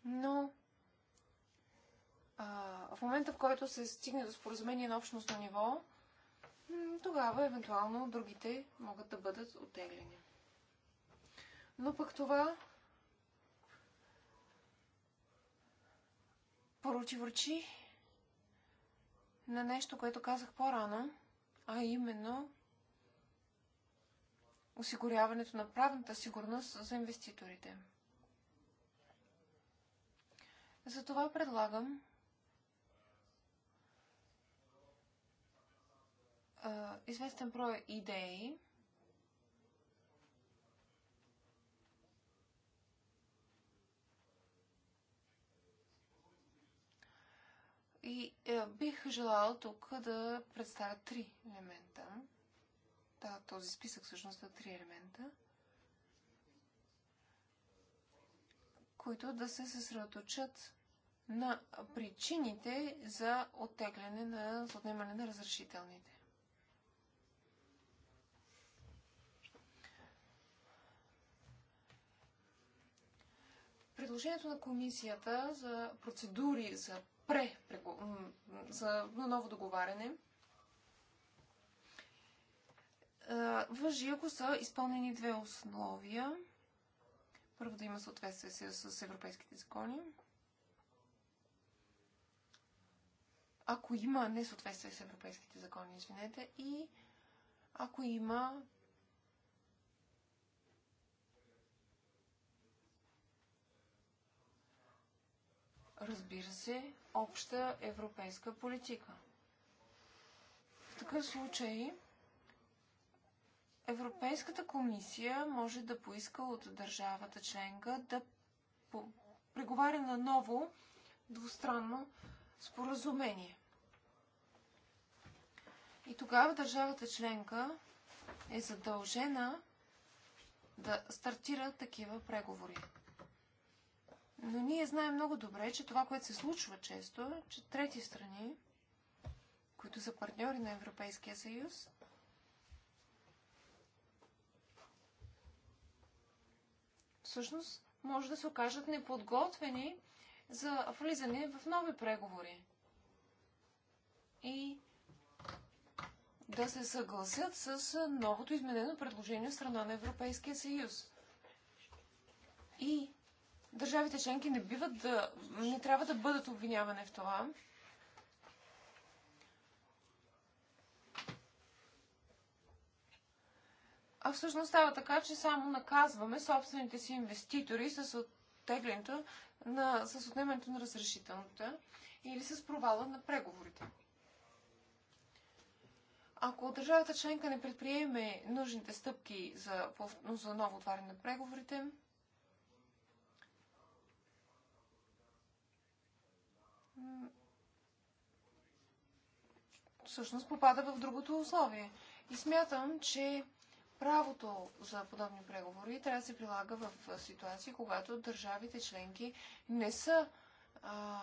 Но а, в момента, в който се стигне до споразумение на общностно ниво, тогава евентуално другите могат да бъдат отеглени. Но пък това поручи върчи на нещо, което казах по-рано, а именно осигуряването на правната сигурност за инвеститорите. Затова предлагам известен broj идеи И е, бих желал тук да представя три елемента. Да, този списък всъщност е три елемента, които да се съсредоточат на причините за оттегляне на отнемане на разрешителните. предложението на комисията за процедури за, пре, за ново договаряне въжи, ако са изпълнени две условия. Първо да има съответствие с европейските закони. Ако има несъответствие с европейските закони, извинете, и ако има разбира се, обща европейска политика. В такъв случай Европейската комисия може да поиска от държавата членка да преговаря на ново двустранно споразумение. И тогава държавата членка е задължена да стартира такива преговори. Но ние знаем много добре, че това, което се случва често, е, че трети страни, които са партньори на Европейския съюз, всъщност може да се окажат неподготвени за влизане в нови преговори. И да се съгласят с новото изменено предложение от страна на Европейския съюз. И Държавите членки не биват да, не трябва да бъдат обвинявани в това. А всъщност става така, че само наказваме собствените си инвеститори с оттеглянето на, с отнемането на разрешителната или с провала на преговорите. Ако държавата членка не предприеме нужните стъпки за, за ново отваряне на преговорите, всъщност попада в другото условие. И смятам, че правото за подобни преговори трябва да се прилага в ситуации, когато държавите членки не са а,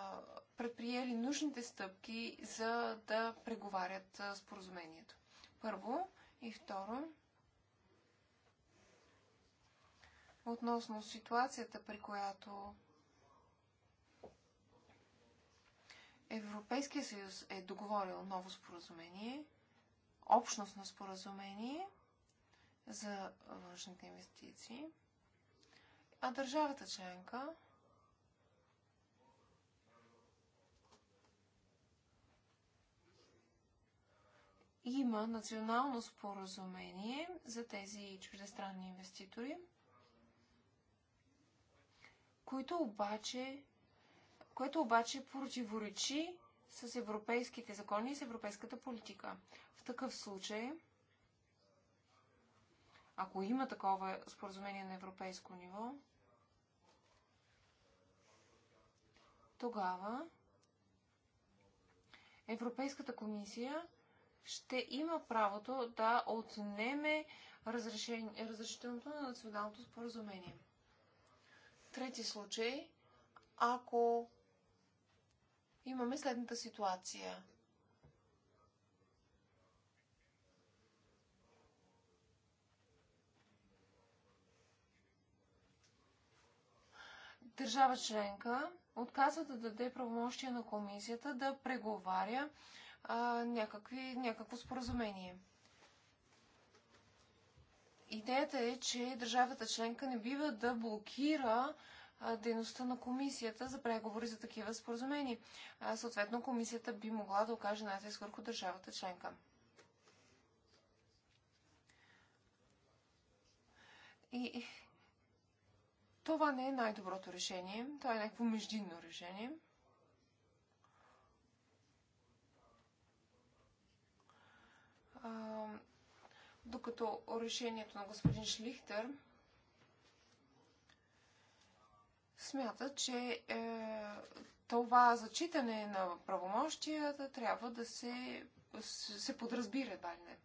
предприели нужните стъпки, за да преговарят споразумението. Първо и второ. Относно ситуацията, при която Европейския съюз е договорил ново споразумение, общностно споразумение за външните инвестиции, а държавата членка има национално споразумение за тези чуждестранни инвеститори, които обаче което обаче противоречи с европейските закони и с европейската политика. В такъв случай, ако има такова споразумение на европейско ниво, тогава Европейската комисия ще има правото да отнеме разрешителното на националното споразумение. Трети случай, ако имаме следната ситуация. Държава членка отказва да даде правомощия на комисията да преговаря а, някакви, някакво споразумение. Идеята е, че държавата членка не бива да блокира дейността на комисията за преговори за такива споразумения. Съответно, комисията би могла да окаже натиск върху държавата членка. И това не е най-доброто решение. Това е някакво междинно решение. А, докато решението на господин Шлихтер смята, че е, това зачитане на правомощията трябва да се, се подразбира, едва ли не.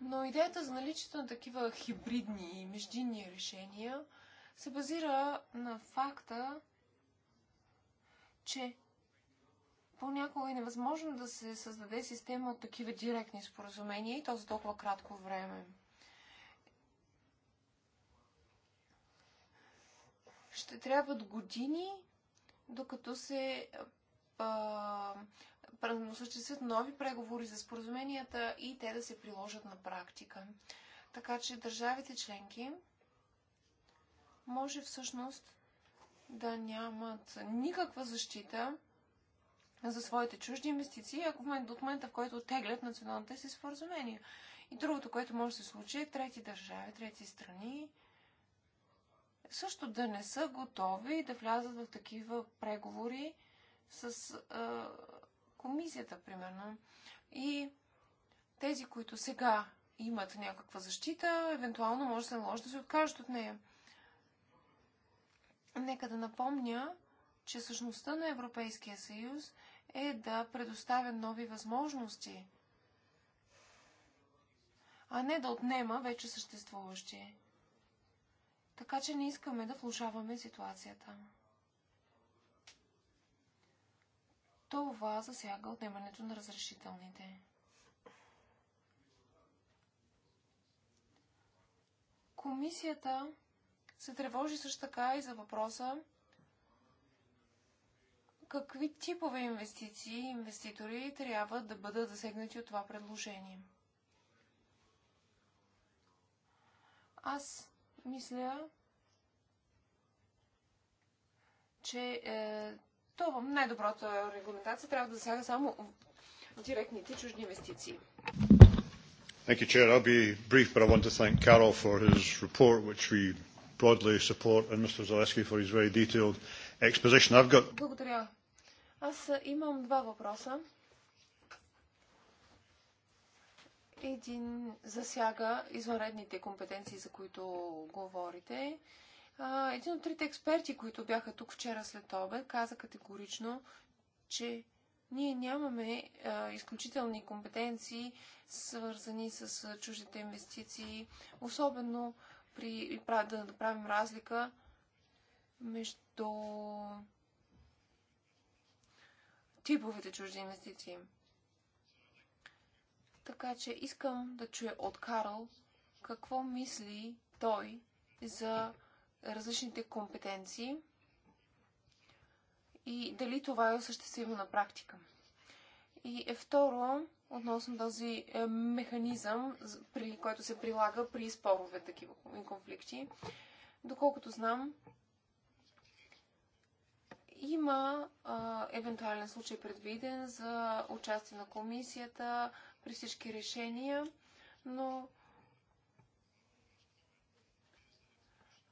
Но идеята за наличието на такива хибридни и междинни решения се базира на факта, че понякога е невъзможно да се създаде система от такива директни споразумения и то за толкова кратко време. Ще трябват години, докато се осъществят нови преговори за споразуменията и те да се приложат на практика. Така че държавите членки може всъщност да нямат никаква защита за своите чужди инвестиции, ако в момента, от момента, в който оттеглят националните си споразумения. И другото, което може да се случи, е трети държави, трети страни също да не са готови да влязат в такива преговори с а, комисията, примерно. И тези, които сега имат някаква защита, евентуално може да се наложи да се откажат от нея. Нека да напомня, че същността на Европейския съюз е да предоставя нови възможности, а не да отнема вече съществуващи. Така че не искаме да влушаваме ситуацията. Това засяга отнемането на разрешителните. Комисията се тревожи също така и за въпроса какви типове инвестиции инвеститори трябва да бъдат засегнати от това предложение. Аз мисля, че е, то най-добрата регламентация трябва да засяга само директните чужди инвестиции. Thank you, Chair. I'll be brief, but I want to thank Carol for his report, which we broadly support, and Mr. Zaleski for his very detailed exposition. I've got... Благодаря, Аз имам два въпроса. Един засяга извънредните компетенции, за които говорите. Един от трите експерти, които бяха тук вчера след обед, каза категорично, че ние нямаме а, изключителни компетенции, свързани с чуждите инвестиции, особено при да направим разлика между типовете чужди инвестиции. Така че искам да чуя от Карл какво мисли той за различните компетенции и дали това е осъществимо на практика. И е второ, относно този механизъм, при който се прилага при спорове такива и конфликти. Доколкото знам, Има а, евентуален случай предвиден за участие на комисията при всички решения, но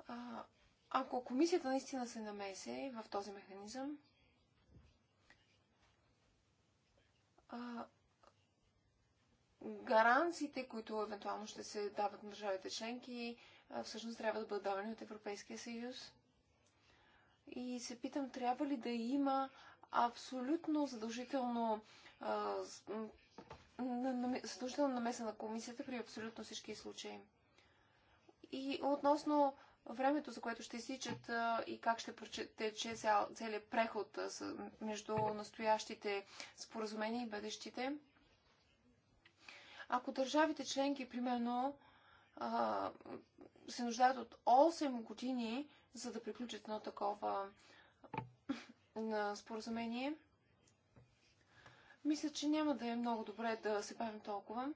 а, ако комисията наистина се намеси в този механизъм, а, гаранциите, които евентуално ще се дават на държавите членки, а, всъщност трябва да бъдат давани от Европейския съюз и се питам, трябва ли да има абсолютно задължително задължително намеса на комисията при абсолютно всички случаи. И относно времето, за което ще изсичат и как ще тече целият преход между настоящите споразумения и бъдещите. Ако държавите членки, примерно, се нуждаят от 8 години, за да приключат едно такова споразумение. Мисля, че няма да е много добре да се бавим толкова.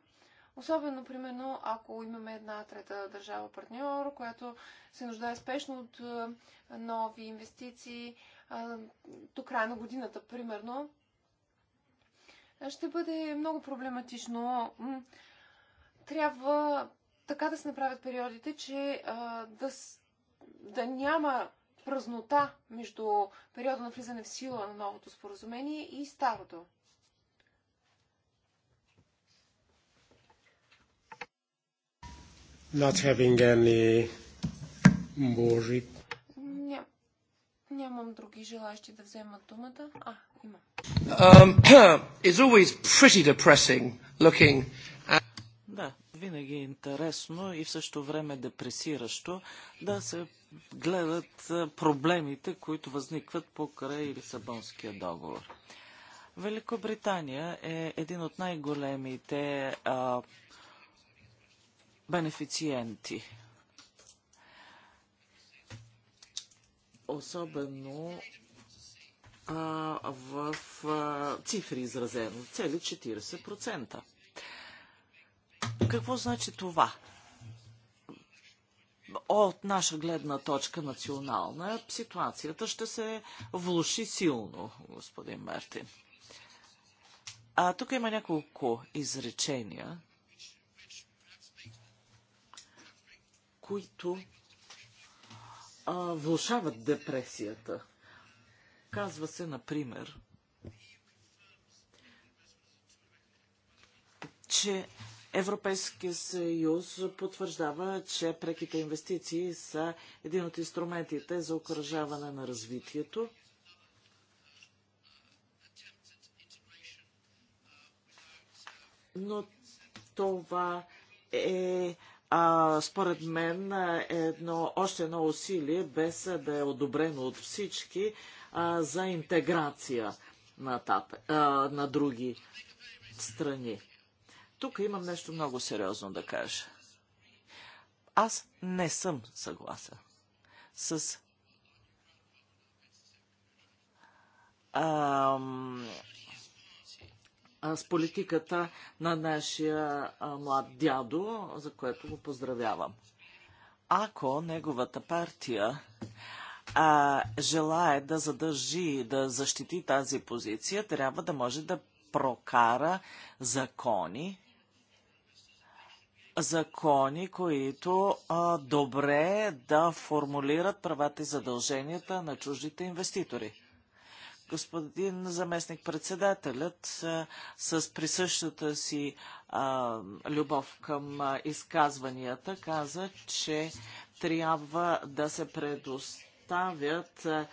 Особено, примерно, ако имаме една трета държава партньор, която се нуждае спешно от нови инвестиции до края на годината, примерно, ще бъде много проблематично. Трябва така да се направят периодите, че да, да няма празнота между периода на влизане в сила на новото споразумение и старото. Not having any more... Ням, нямам други желащи да вземат думата. А, имам. Um, it's always pretty depressing looking at... Да, винаги е интересно и в същото време депресиращо да се гледат проблемите, които възникват покрай Лисабонския договор. Великобритания е един от най-големите бенефициенти. Особено а, в а, цифри изразено. Цели 40%. Какво значи това? от наша гледна точка национална, ситуацията ще се влуши силно, господин Мартин. А, тук има няколко изречения, които а, влушават депресията. Казва се, например, че Европейския съюз потвърждава, че преките инвестиции са един от инструментите за окоръжаване на развитието. Но това е а, според мен едно, още едно усилие, без да е одобрено от всички, а, за интеграция на, тата, а, на други страни. Тук имам нещо много сериозно да кажа. Аз не съм съгласен с а, с политиката на нашия млад дядо, за което го поздравявам. Ако неговата партия а, желае да задържи, да защити тази позиция, трябва да може да прокара закони, закони, които а, добре да формулират правата и задълженията на чуждите инвеститори. Господин заместник-председателят с присъщата си а, любов към а, изказванията каза, че трябва да се предоставят а,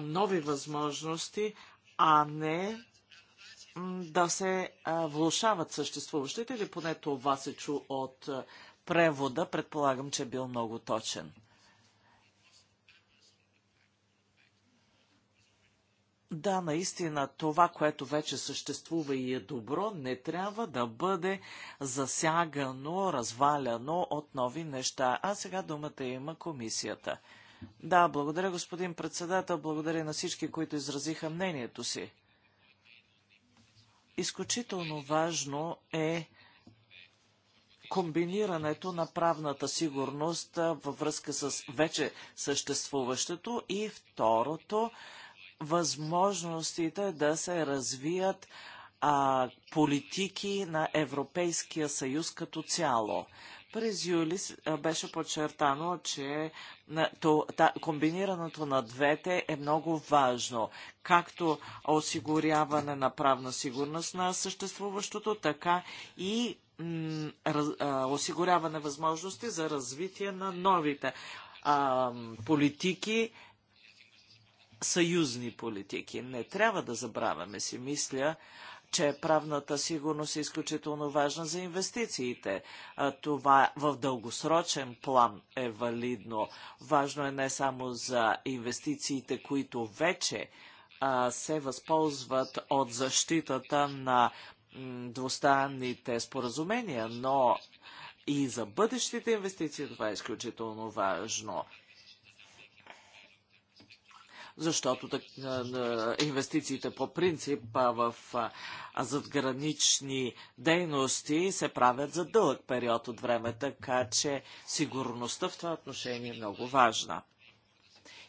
нови възможности, а не да се влушават съществуващите, или поне това се чу от превода, предполагам, че е бил много точен. Да, наистина, това, което вече съществува и е добро, не трябва да бъде засягано, разваляно от нови неща. А сега думата има комисията. Да, благодаря, господин председател, благодаря на всички, които изразиха мнението си. Изключително важно е комбинирането на правната сигурност във връзка с вече съществуващото и второто възможностите да се развият а, политики на Европейския съюз като цяло. През юли беше подчертано, че то, та, комбинирането на двете е много важно, както осигуряване на правна сигурност на съществуващото, така и осигуряване възможности за развитие на новите а, политики, съюзни политики. Не трябва да забравяме си, мисля, че правната сигурност е изключително важна за инвестициите. Това в дългосрочен план е валидно. Важно е не само за инвестициите, които вече се възползват от защитата на двустранните споразумения, но и за бъдещите инвестиции това е изключително важно защото инвестициите по принцип в задгранични дейности се правят за дълъг период от време, така че сигурността в това отношение е много важна.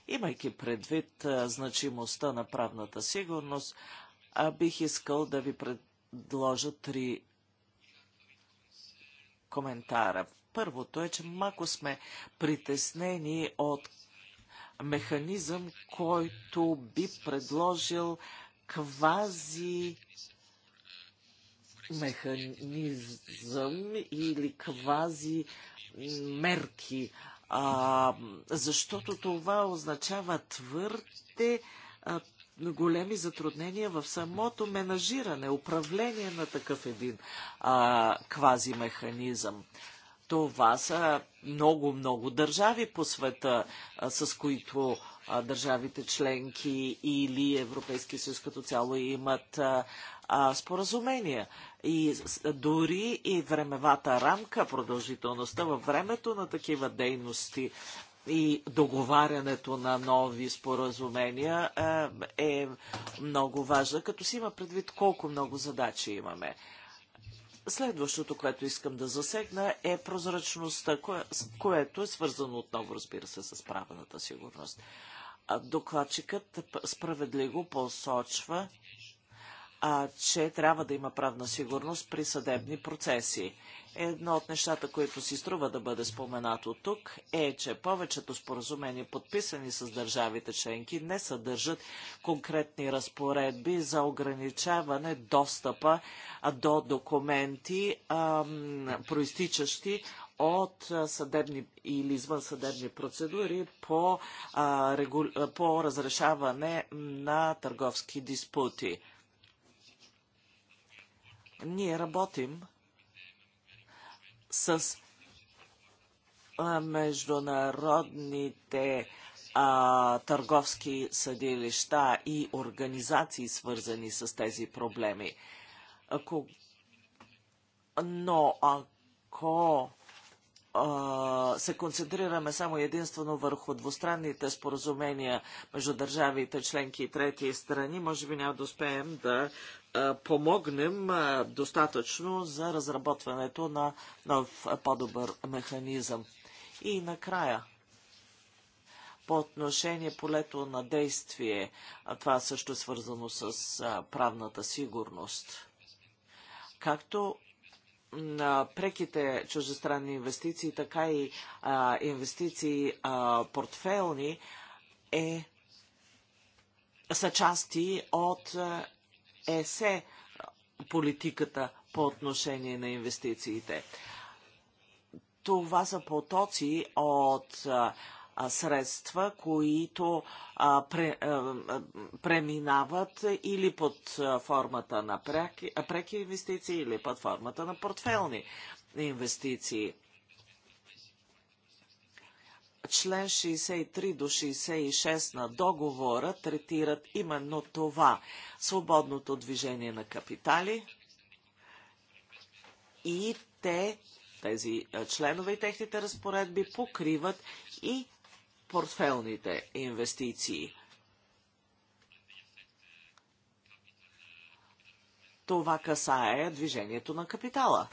Имайки предвид значимостта на правната сигурност, бих искал да ви предложа три коментара. Първото е, че малко сме притеснени от механизъм, който би предложил квази механизъм или квази мерки, а, защото това означава твърде а, големи затруднения в самото менажиране, управление на такъв един а, квази механизъм. Това са много-много държави по света, с които държавите членки или Европейския съюз като цяло имат споразумения. И дори и времевата рамка, продължителността във времето на такива дейности и договарянето на нови споразумения е много важна, като си има предвид колко много задачи имаме. Следващото, което искам да засегна е прозрачността, кое, което е свързано отново, разбира се, с правената сигурност. Докладчикът справедливо посочва, а, че трябва да има правна сигурност при съдебни процеси. Едно от нещата, които си струва да бъде споменато тук, е, че повечето споразумения, подписани с държавите членки, не съдържат конкретни разпоредби за ограничаване достъпа до документи, ам, проистичащи от съдебни или извън съдебни процедури по, а, регу... по разрешаване на търговски диспути. Ние работим с международните а, търговски съдилища и организации, свързани с тези проблеми. Ако, но ако се концентрираме само единствено върху двустранните споразумения между държавите, членки и трети страни, може би няма да успеем да помогнем достатъчно за разработването на нов по-добър механизъм. И накрая, по отношение полето на действие, това също е свързано с правната сигурност. Както на преките чуждестранни инвестиции, така и а, инвестиции а, портфелни е, са части от а, е се политиката по отношение на инвестициите. Това са потоци от средства, които а, пре, а, преминават или под формата на преки, преки инвестиции, или под формата на портфелни инвестиции. Член 63 до 66 на договора третират именно това свободното движение на капитали и те, тези членове и техните разпоредби покриват и портфелните инвестиции. Това касае движението на капитала.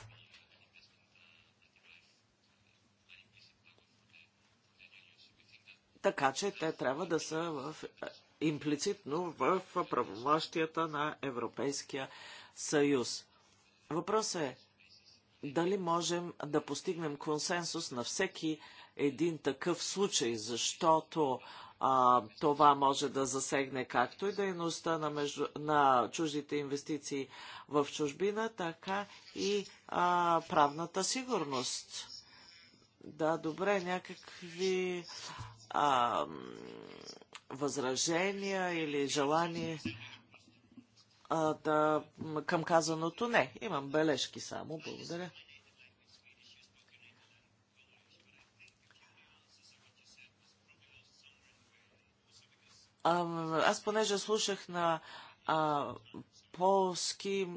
така че те трябва да са в, имплицитно в правомощията на Европейския съюз. Въпросът е дали можем да постигнем консенсус на всеки един такъв случай, защото а, това може да засегне както и дейността на, между, на чуждите инвестиции в чужбина, така и а, правната сигурност. Да, добре, някакви а, възражения или желание а, да, към казаното? Не, имам бележки само. Благодаря. А, аз понеже слушах на а, полски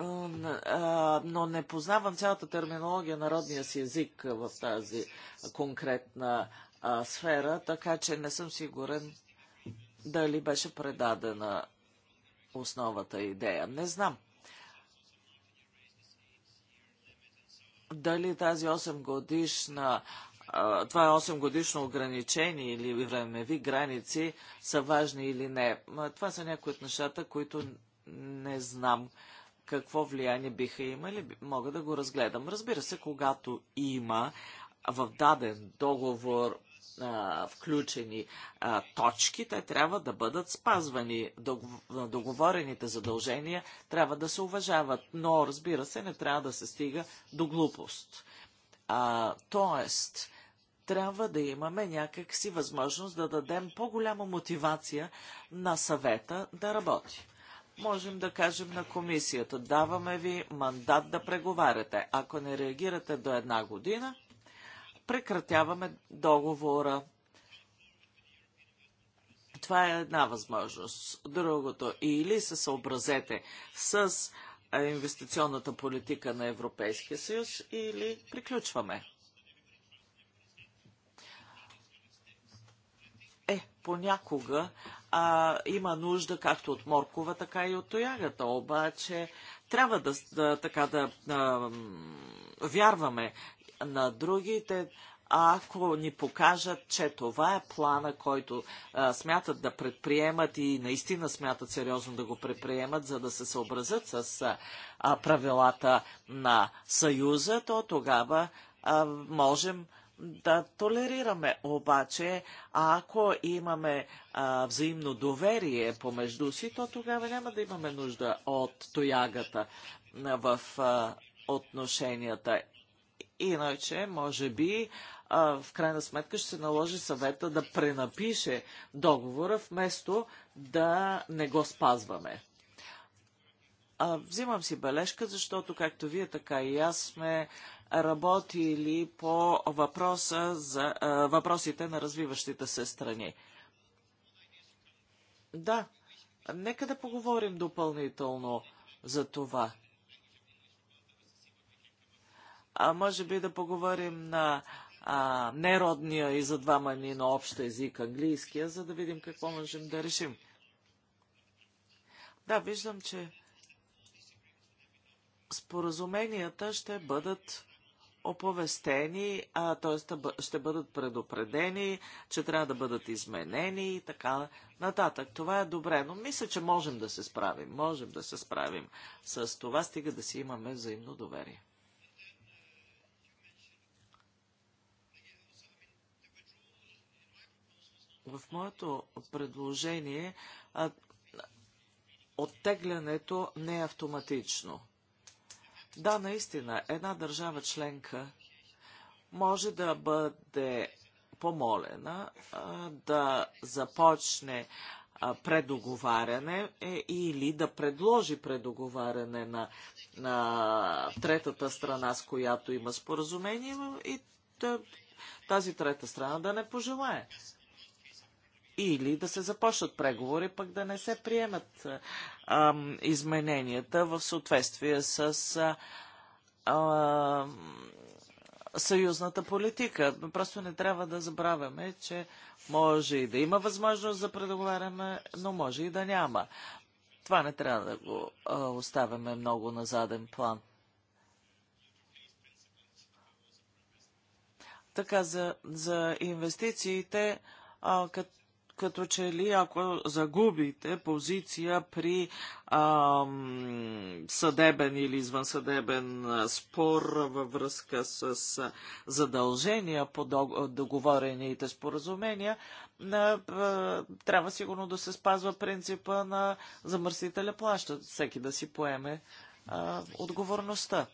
но не познавам цялата терминология на родния си език в тази конкретна сфера, така че не съм сигурен дали беше предадена основата идея. Не знам. Дали тази 8 годишна това е 8 годишно ограничение или времеви граници са важни или не. Това са някои от нещата, които не знам какво влияние биха имали, мога да го разгледам. Разбира се, когато има в даден договор а, включени а, точки, те трябва да бъдат спазвани. Договорените задължения трябва да се уважават, но разбира се, не трябва да се стига до глупост. А, тоест, трябва да имаме някакси възможност да дадем по-голяма мотивация на съвета да работи можем да кажем на комисията? Даваме ви мандат да преговаряте. Ако не реагирате до една година, прекратяваме договора. Това е една възможност. Другото, или се съобразете с инвестиционната политика на Европейския съюз, или приключваме. Е, понякога а, има нужда както от моркова, така и от тоягата. Обаче трябва да, да така да а, вярваме на другите, ако ни покажат, че това е плана, който а, смятат да предприемат и наистина смятат сериозно да го предприемат, за да се съобразят с а, правилата на Съюза, то тогава а, можем да толерираме обаче, ако имаме а, взаимно доверие помежду си, то тогава няма да имаме нужда от тоягата в а, отношенията. Иначе, може би, а, в крайна сметка ще се наложи съвета да пренапише договора, вместо да не го спазваме. А, взимам си бележка, защото както вие, така и аз сме работили по въпроса за, въпросите на развиващите се страни. Да, нека да поговорим допълнително за това. А може би да поговорим на а, неродния и за двама ни на общ език английския, за да видим какво можем да решим. Да, виждам, че споразуменията ще бъдат оповестени, т.е. ще бъдат предупредени, че трябва да бъдат изменени и така нататък. Това е добре, но мисля, че можем да се справим. Можем да се справим с това, стига да си имаме взаимно доверие. В моето предложение оттеглянето не е автоматично. Да, наистина, една държава членка може да бъде помолена да започне предоговаряне или да предложи предоговаряне на, на третата страна, с която има споразумение и тази трета страна да не пожелае или да се започнат преговори, пък да не се приемат а, измененията в съответствие с а, а, съюзната политика. Просто не трябва да забравяме, че може и да има възможност за предоговаряме, но може и да няма. Това не трябва да го а, оставяме много на заден план. Така за, за инвестициите, а, като като че ли ако загубите позиция при ам, съдебен или извънсъдебен спор във връзка с задължения по договорените споразумения, на, трябва сигурно да се спазва принципа на замърсителя плаща, всеки да си поеме а, отговорността.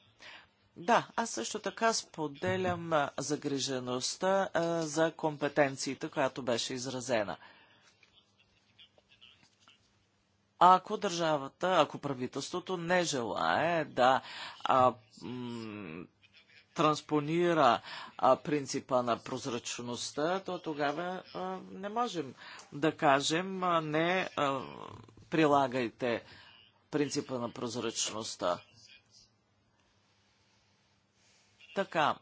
Да, аз също така споделям загрижеността за компетенциите, която беше изразена. Ако държавата, ако правителството не желае да а, м, транспонира а, принципа на прозрачността, то тогава а, не можем да кажем а, не а, прилагайте принципа на прозрачността. Така,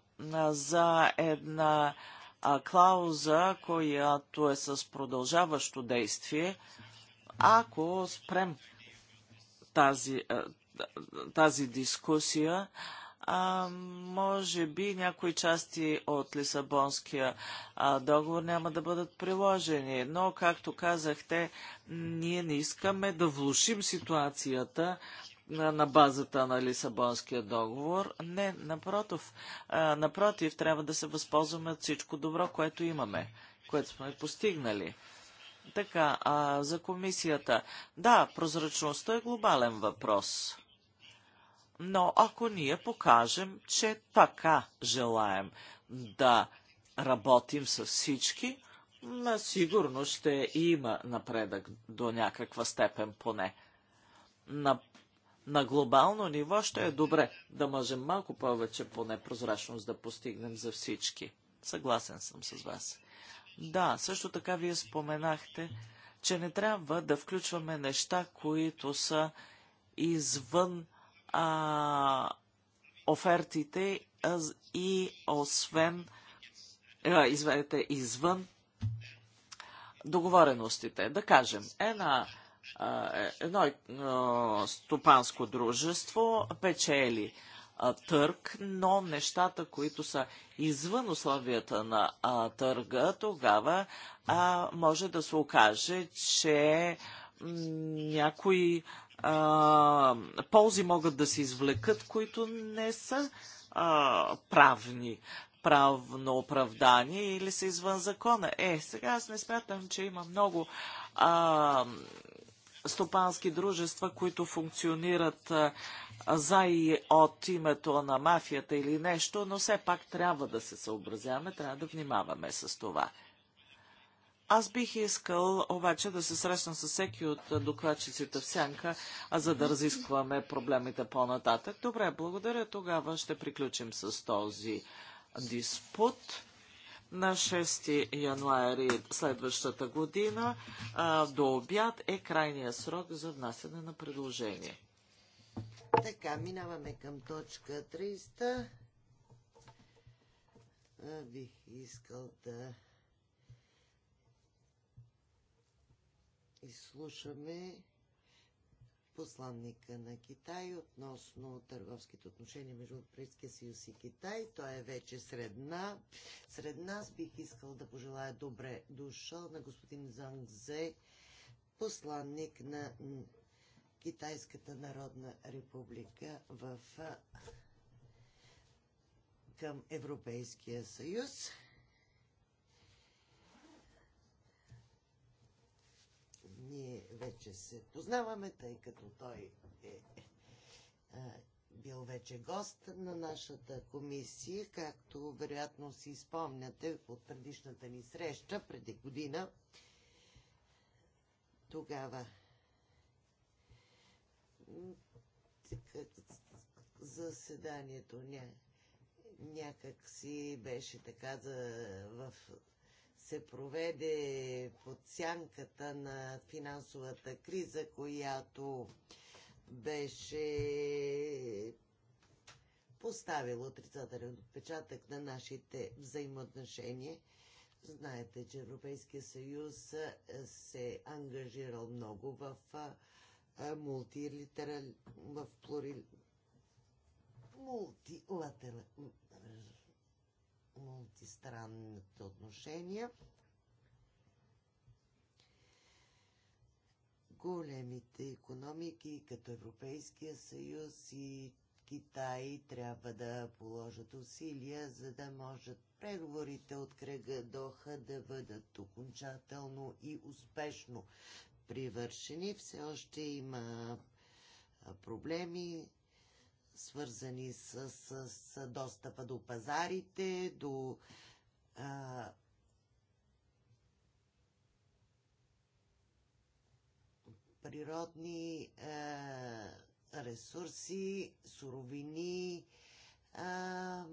за една а, клауза, която е с продължаващо действие, ако спрем тази, тази дискусия, а, може би някои части от Лисабонския а, договор няма да бъдат приложени. Но, както казахте, ние не искаме да влушим ситуацията на базата на Лисабонския договор. Не, напротив, напротив, трябва да се възползваме от всичко добро, което имаме, което сме постигнали. Така, а за комисията. Да, прозрачността е глобален въпрос. Но ако ние покажем, че така желаем да работим с всички, на сигурно ще има напредък до някаква степен поне. На на глобално ниво ще е добре да можем малко повече по непрозрачност да постигнем за всички. Съгласен съм с вас. Да, също така вие споменахте, че не трябва да включваме неща, които са извън а, офертите и освен, а, извинете, извън договореностите. Да кажем, една едно стопанско дружество печели търг, но нещата, които са извън условията на търга, тогава може да се окаже, че някои а, ползи могат да се извлекат, които не са правни правно оправдание или са извън закона. Е, сега аз не смятам, че има много а, стопански дружества, които функционират за и от името на мафията или нещо, но все пак трябва да се съобразяваме, трябва да внимаваме с това. Аз бих искал обаче да се срещна с всеки от докладчиците в сянка, а за да разискваме проблемите по-нататък. Добре, благодаря. Тогава ще приключим с този диспут на 6 јануари следващата година а, до обяд е крайният срок за внасяне на предложение. Така, минаваме към точка 300. А, бих искал да изслушаме посланника на Китай относно търговските отношения между Европейския съюз и Китай. Той е вече сред, на, сред нас. Бих искал да пожелая добре дошъл на господин Занг Зе, посланник на Китайската народна република в към Европейския съюз. ние вече се познаваме, тъй като той е а, бил вече гост на нашата комисия, както вероятно си спомняте от предишната ни среща преди година. Тогава заседанието ня, някак си беше така за, в се проведе под сянката на финансовата криза, която беше поставила отрицателен отпечатък на нашите взаимоотношения. Знаете, че Европейския съюз се ангажирал много в мултилатерал, в плурил, мултилатерал, мултистранните отношения. Големите економики, като Европейския съюз и Китай, трябва да положат усилия, за да можат преговорите от кръга Доха да бъдат окончателно и успешно привършени. Все още има проблеми свързани с, с, с достъпа до пазарите, до а, природни а, ресурси, суровини, а,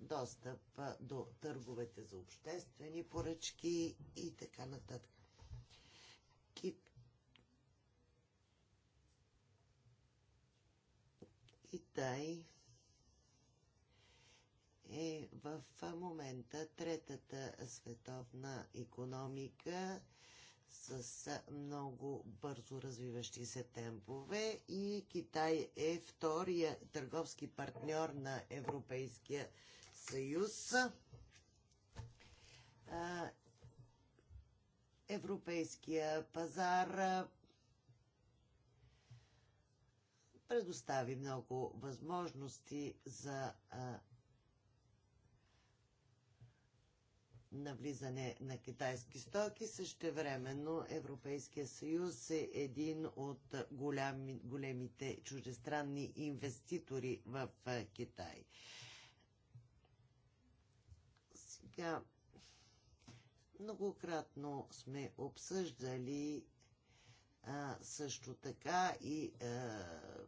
достъп до търговете за обществени поръчки и така нататък. Китай е в момента третата световна економика с много бързо развиващи се темпове и Китай е втория търговски партньор на Европейския съюз. Европейския пазар предостави много възможности за навлизане на китайски стоки. Също времено Европейския съюз е един от голями, големите чуждестранни инвеститори в Китай. Сега многократно сме обсъждали а, също така и а,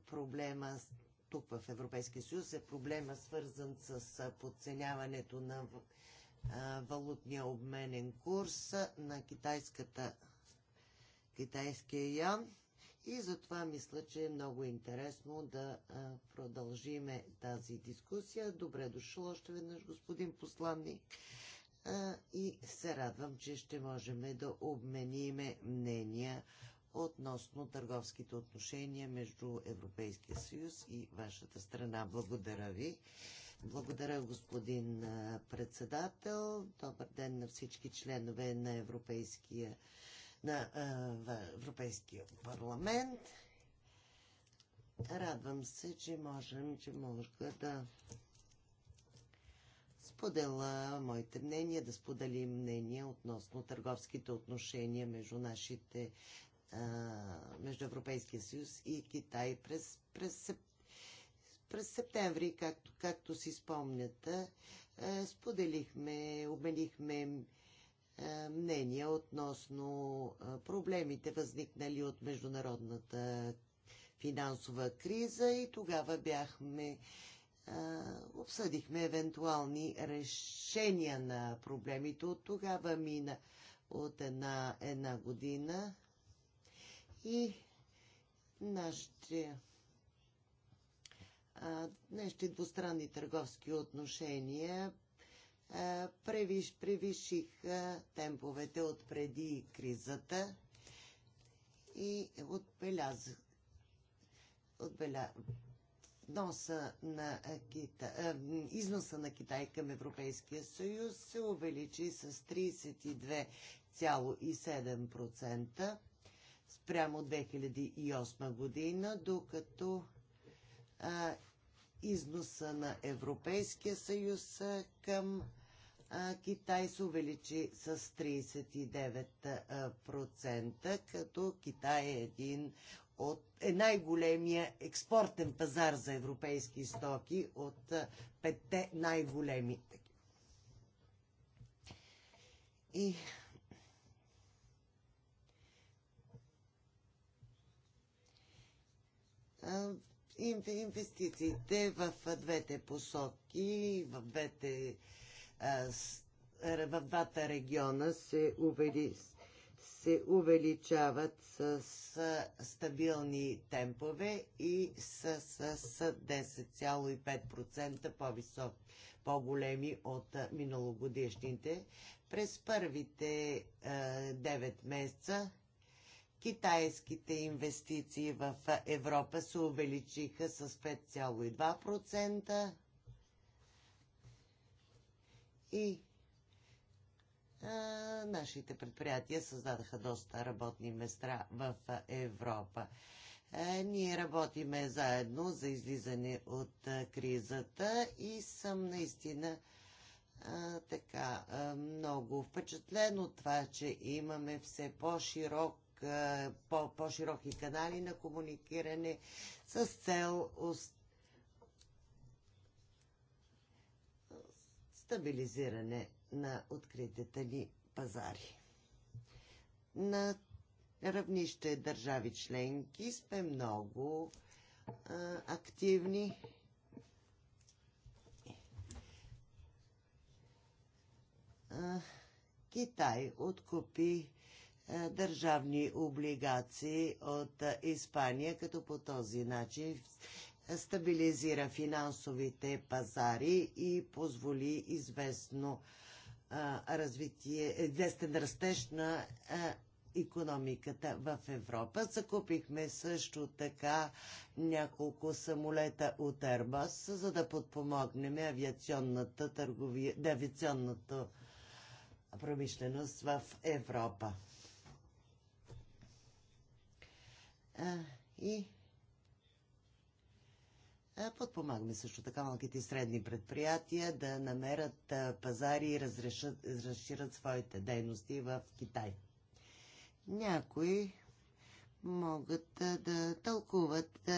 проблема тук в Европейския съюз е проблема свързан с подценяването на а, валутния обменен курс на китайската китайския ян. И затова мисля, че е много интересно да а, продължиме тази дискусия. Добре дошъл още веднъж, господин посланник. А, и се радвам, че ще можем да обмениме мнения относно търговските отношения между Европейския съюз и вашата страна. Благодаря ви. Благодаря, господин председател. Добър ден на всички членове на Европейския, на, а, Европейския парламент. Радвам се, че можем, че мога да споделя моите мнения, да споделим мнения относно търговските отношения между нашите между Европейския съюз и Китай през, през, през септември, както, както си спомняте, споделихме, обменихме мнения относно проблемите, възникнали от международната финансова криза и тогава бяхме обсъдихме евентуални решения на проблемите. От тогава мина от една, една година и нашите, а, нашите двустранни търговски отношения а, превиш, превишиха темповете от преди кризата и отбелязах отбеля... Вноса на Кита... износа на Китай към Европейския съюз се увеличи с 32,7%, спрямо 2008 година, докато а, износа на Европейския съюз към а, Китай се увеличи с 39%, като Китай е един от е най-големия експортен пазар за европейски стоки от петте най-големи. И инвестициите в двете посоки, в двете в двата региона се, увели, се увеличават с, с стабилни темпове и с, с, с 10,5% по-висок, по-големи от миналогодишните. През първите е, 9 месеца Китайските инвестиции в Европа се увеличиха с 5,2% и а, нашите предприятия създадаха доста работни места в Европа. А, ние работиме заедно за излизане от а, кризата и съм наистина а, така а, много впечатлен от това, че имаме все по-широк по-широки канали на комуникиране с цел стабилизиране на откритите ни пазари. На равнище държави членки сме много а, активни. А, Китай откупи държавни облигации от Испания, като по този начин стабилизира финансовите пазари и позволи известно развитие, известен растеж на економиката в Европа. Закупихме също така няколко самолета от Airbus, за да подпомогнем авиационната търговия, авиационната промишленост в Европа. и Подпомагаме също така малките и средни предприятия да намерят пазари и разширят своите дейности в Китай. Някои могат да тълкуват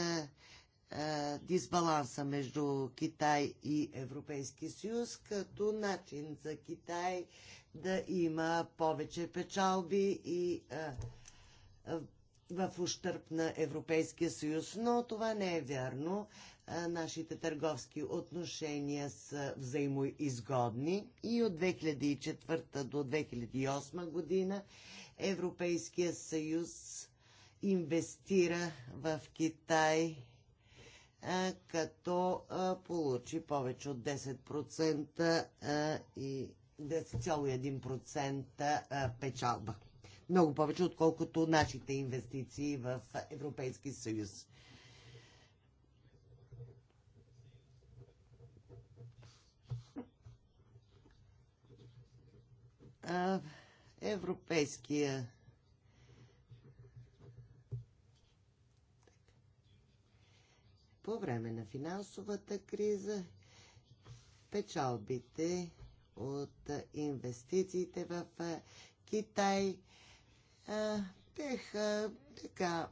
дисбаланса между Китай и Европейски съюз като начин за Китай да има повече печалби и в ущърп на Европейския съюз, но това не е вярно. Нашите търговски отношения са взаимоизгодни и от 2004 до 2008 година Европейския съюз инвестира в Китай като получи повече от 10% и 10,1% печалба много повече, отколкото нашите инвестиции в Европейски съюз. европейския по време на финансовата криза печалбите от инвестициите в Китай бяха така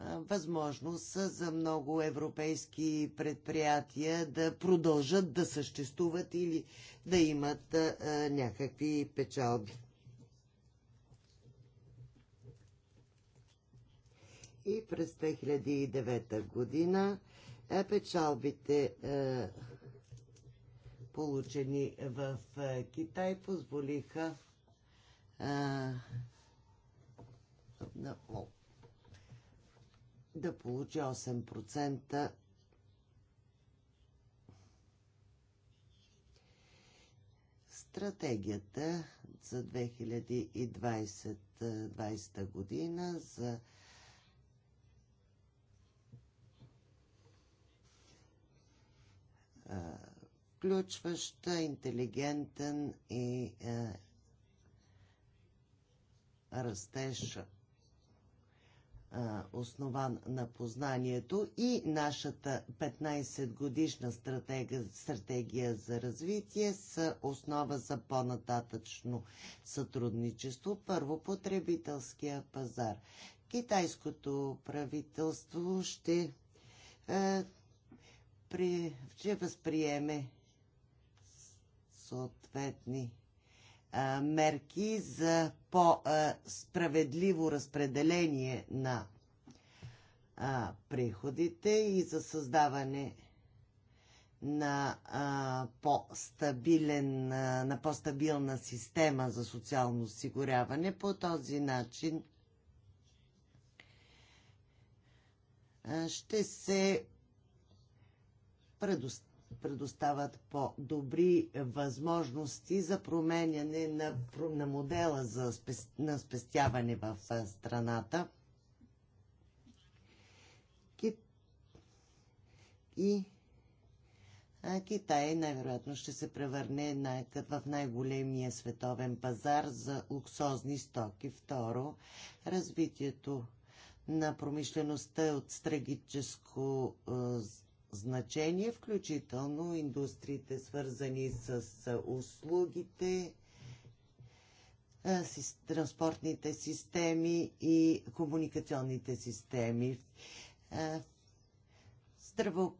възможност за много европейски предприятия да продължат да съществуват или да имат някакви печалби. И през 2009 година печалбите получени в Китай позволиха да, да получи 8% стратегията за 2020, 2020 година за включваща интелигентен и растеж, основан на познанието и нашата 15-годишна стратегия, стратегия за развитие с основа за по-нататъчно сътрудничество. Първо потребителския пазар. Китайското правителство ще, е, при, ще възприеме съответни мерки за по-справедливо разпределение на приходите и за създаване на по-стабилен, на по-стабилна система за социално осигуряване. По този начин ще се предоставя предоставят по-добри възможности за променяне на, на модела за спес, на спестяване в страната. Кит... И Китай най-вероятно ще се превърне най в най-големия световен пазар за луксозни стоки. Второ, развитието на промишлеността е от стратегическо значение, включително индустриите, свързани с услугите, транспортните системи и комуникационните системи. Здраво,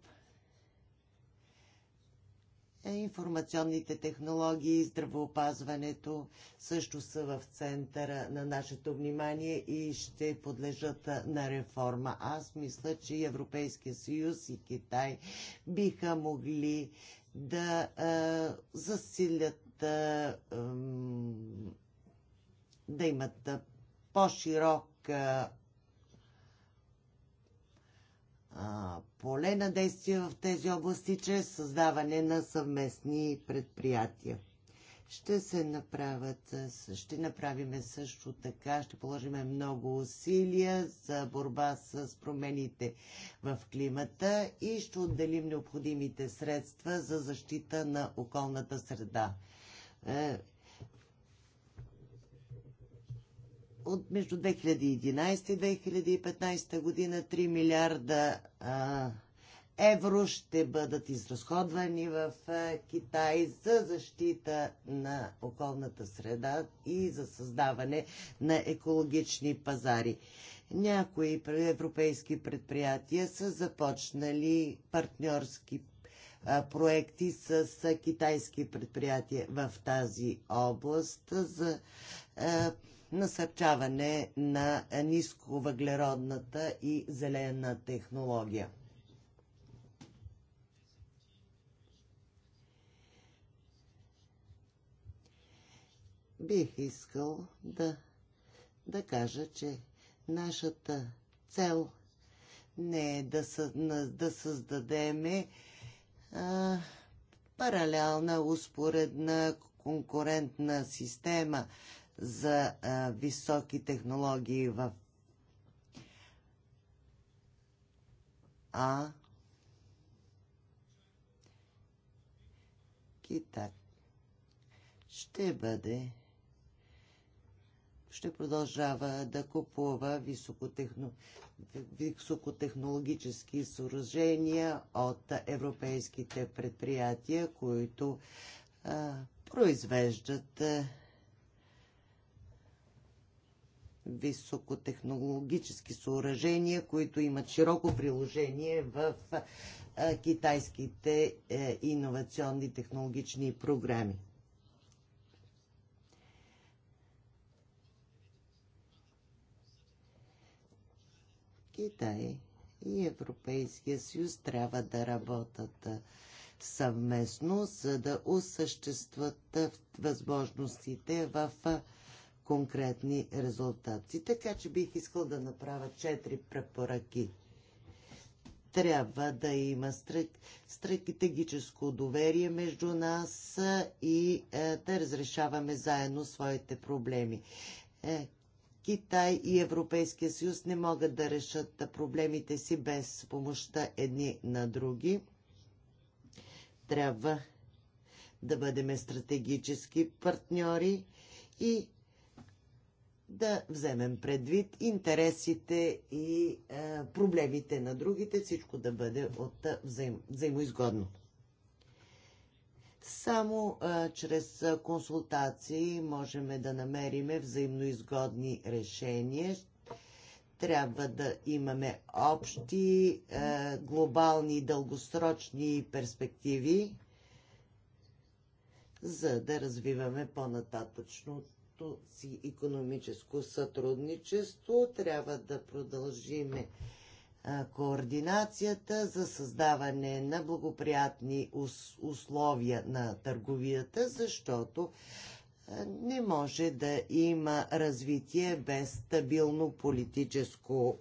Информационните технологии, и здравоопазването също са в центъра на нашето внимание и ще подлежат на реформа. Аз мисля, че Европейския съюз и Китай биха могли да а, засилят, а, да имат по-широк поле на действие в тези области чрез създаване на съвместни предприятия. Ще се направят, ще направиме също така, ще положиме много усилия за борба с промените в климата и ще отделим необходимите средства за защита на околната среда. от между 2011 и 2015 година 3 милиарда а, евро ще бъдат изразходвани в а, Китай за защита на околната среда и за създаване на екологични пазари. Някои европейски предприятия са започнали партньорски проекти с китайски предприятия в тази област за насърчаване на нисковъглеродната и зелена технология. Бих искал да, да кажа, че нашата цел не е да, съ, да създадеме паралелна, успоредна, конкурентна система за а, високи технологии в А. Китай ще бъде ще продължава да купува високотехно, високотехнологически съоръжения от европейските предприятия, които а, произвеждат а, високотехнологически съоръжения, които имат широко приложение в китайските иновационни технологични програми. Китай и Европейския съюз трябва да работят съвместно, за да осъществят възможностите в конкретни резултати. Така че бих искал да направя четири препоръки. Трябва да има стратегическо доверие между нас и да разрешаваме заедно своите проблеми. Китай и Европейския съюз не могат да решат проблемите си без помощта едни на други. Трябва да бъдем стратегически партньори и да вземем предвид интересите и а, проблемите на другите, всичко да бъде от взаим, взаимоизгодно. Само а, чрез консултации можем да намерим взаимноизгодни решения. Трябва да имаме общи, а, глобални, дългосрочни перспективи, за да развиваме по-нататъчно нашето си економическо сътрудничество. Трябва да продължиме координацията за създаване на благоприятни условия на търговията, защото не може да има развитие без стабилно политическо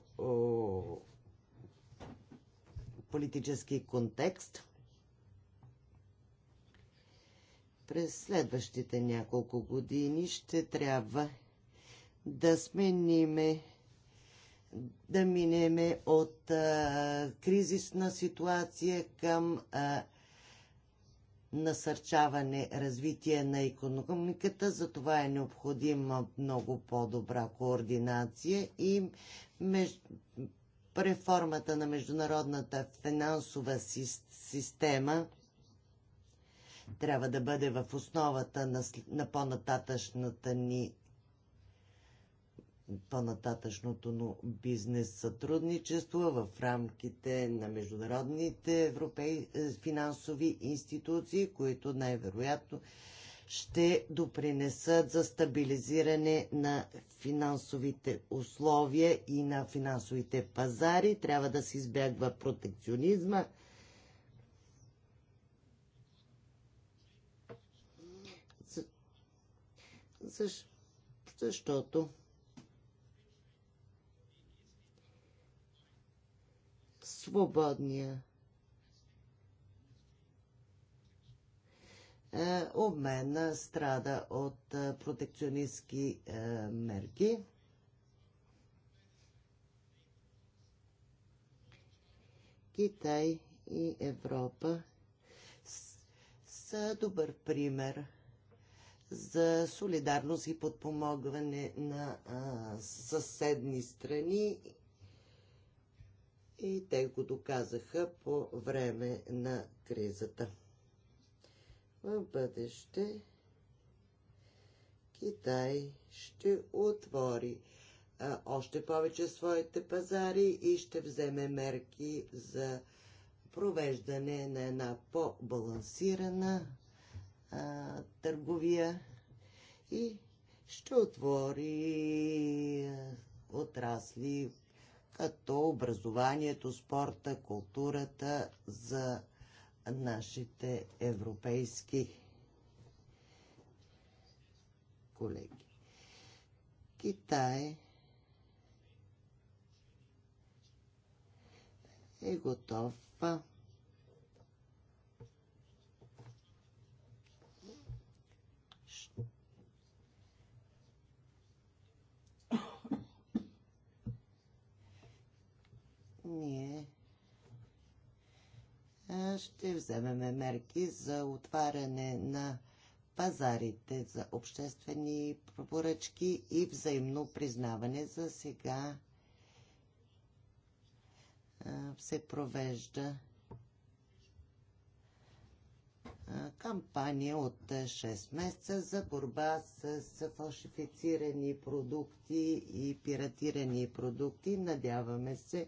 политически контекст. През следващите няколко години ще трябва да смениме да минеме от а, кризисна ситуация към а, насърчаване развитие на економиката. За това е необходима много по-добра координация и меж... преформата на международната финансова система трябва да бъде в основата на, на по-нататъчната ни по-нататъчното но бизнес сътрудничество в рамките на международните европей, финансови институции, които най-вероятно ще допринесат за стабилизиране на финансовите условия и на финансовите пазари. Трябва да се избягва протекционизма, Entonces, pues es todo. Swobodnie. U mene strada od protekcionistki e, merki. Китай и Evropa. с добър primer за солидарност и подпомогване на а, съседни страни. И те го доказаха по време на кризата. В бъдеще Китай ще отвори а, още повече своите пазари и ще вземе мерки за провеждане на една по-балансирана а, търговия и ще отвори отрасли като образованието, спорта, културата за нашите европейски колеги. Китай е готов ние ще вземеме мерки за отваряне на пазарите за обществени поръчки и взаимно признаване. За сега се провежда кампания от 6 месеца за борба с фалшифицирани продукти и пиратирани продукти. Надяваме се,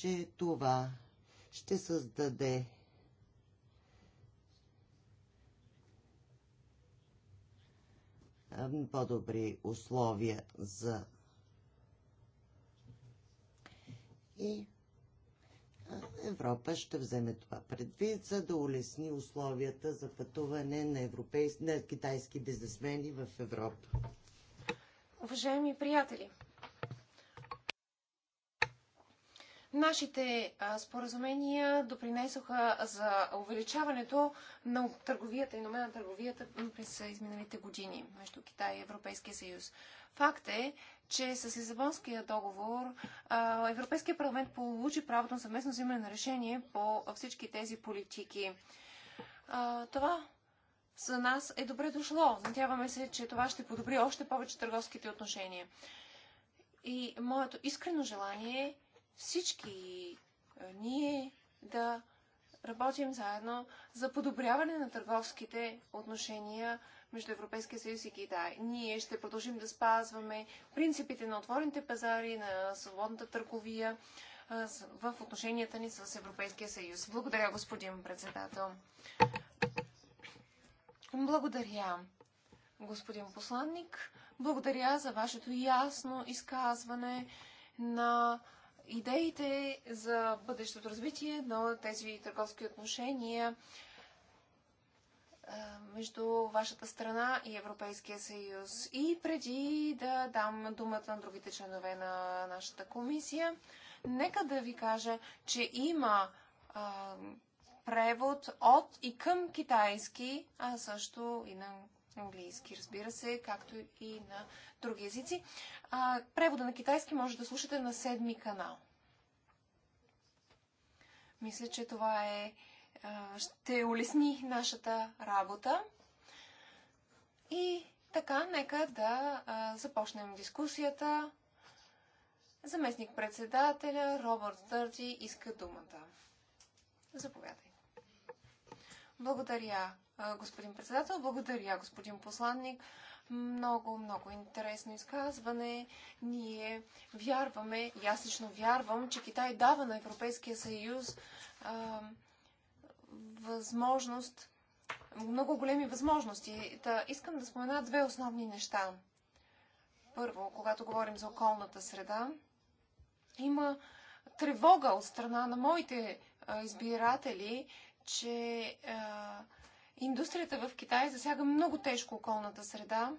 че това ще създаде по-добри условия за и Европа ще вземе това предвид, за да улесни условията за пътуване на, европейски, на китайски бизнесмени в Европа. Уважаеми приятели, Нашите споразумения допринесоха за увеличаването на търговията и номер на търговията през изминалите години между Китай и Европейския съюз. Факт е, че с Лизабонския договор Европейския парламент получи правото на съвместно взимане на решение по всички тези политики. Това за нас е добре дошло. Надяваме се, че това ще подобри още повече търговските отношения. И моето искрено желание е всички ние да работим заедно за подобряване на търговските отношения между Европейския съюз и Китай. Ние ще продължим да спазваме принципите на отворените пазари, на свободната търговия в отношенията ни с Европейския съюз. Благодаря, господин председател. Благодаря, господин посланник. Благодаря за вашето ясно изказване на идеите за бъдещото развитие на тези търговски отношения между вашата страна и Европейския съюз. И преди да дам думата на другите членове на нашата комисия, нека да ви кажа, че има а, превод от и към китайски, а също и на английски, разбира се, както и на други езици. А, превода на китайски може да слушате на седми канал. Мисля, че това е, а, ще улесни нашата работа. И така, нека да а, започнем дискусията. Заместник-председателя Робърт Стърджи иска думата. Заповядай. Благодаря, господин председател. Благодаря, господин посланник. Много, много интересно изказване. Ние вярваме, и аз лично вярвам, че Китай дава на Европейския съюз а, възможност, много големи възможности. Та, искам да спомена две основни неща. Първо, когато говорим за околната среда, има тревога от страна на моите избиратели, че а, Индустрията в Китай засяга много тежко околната среда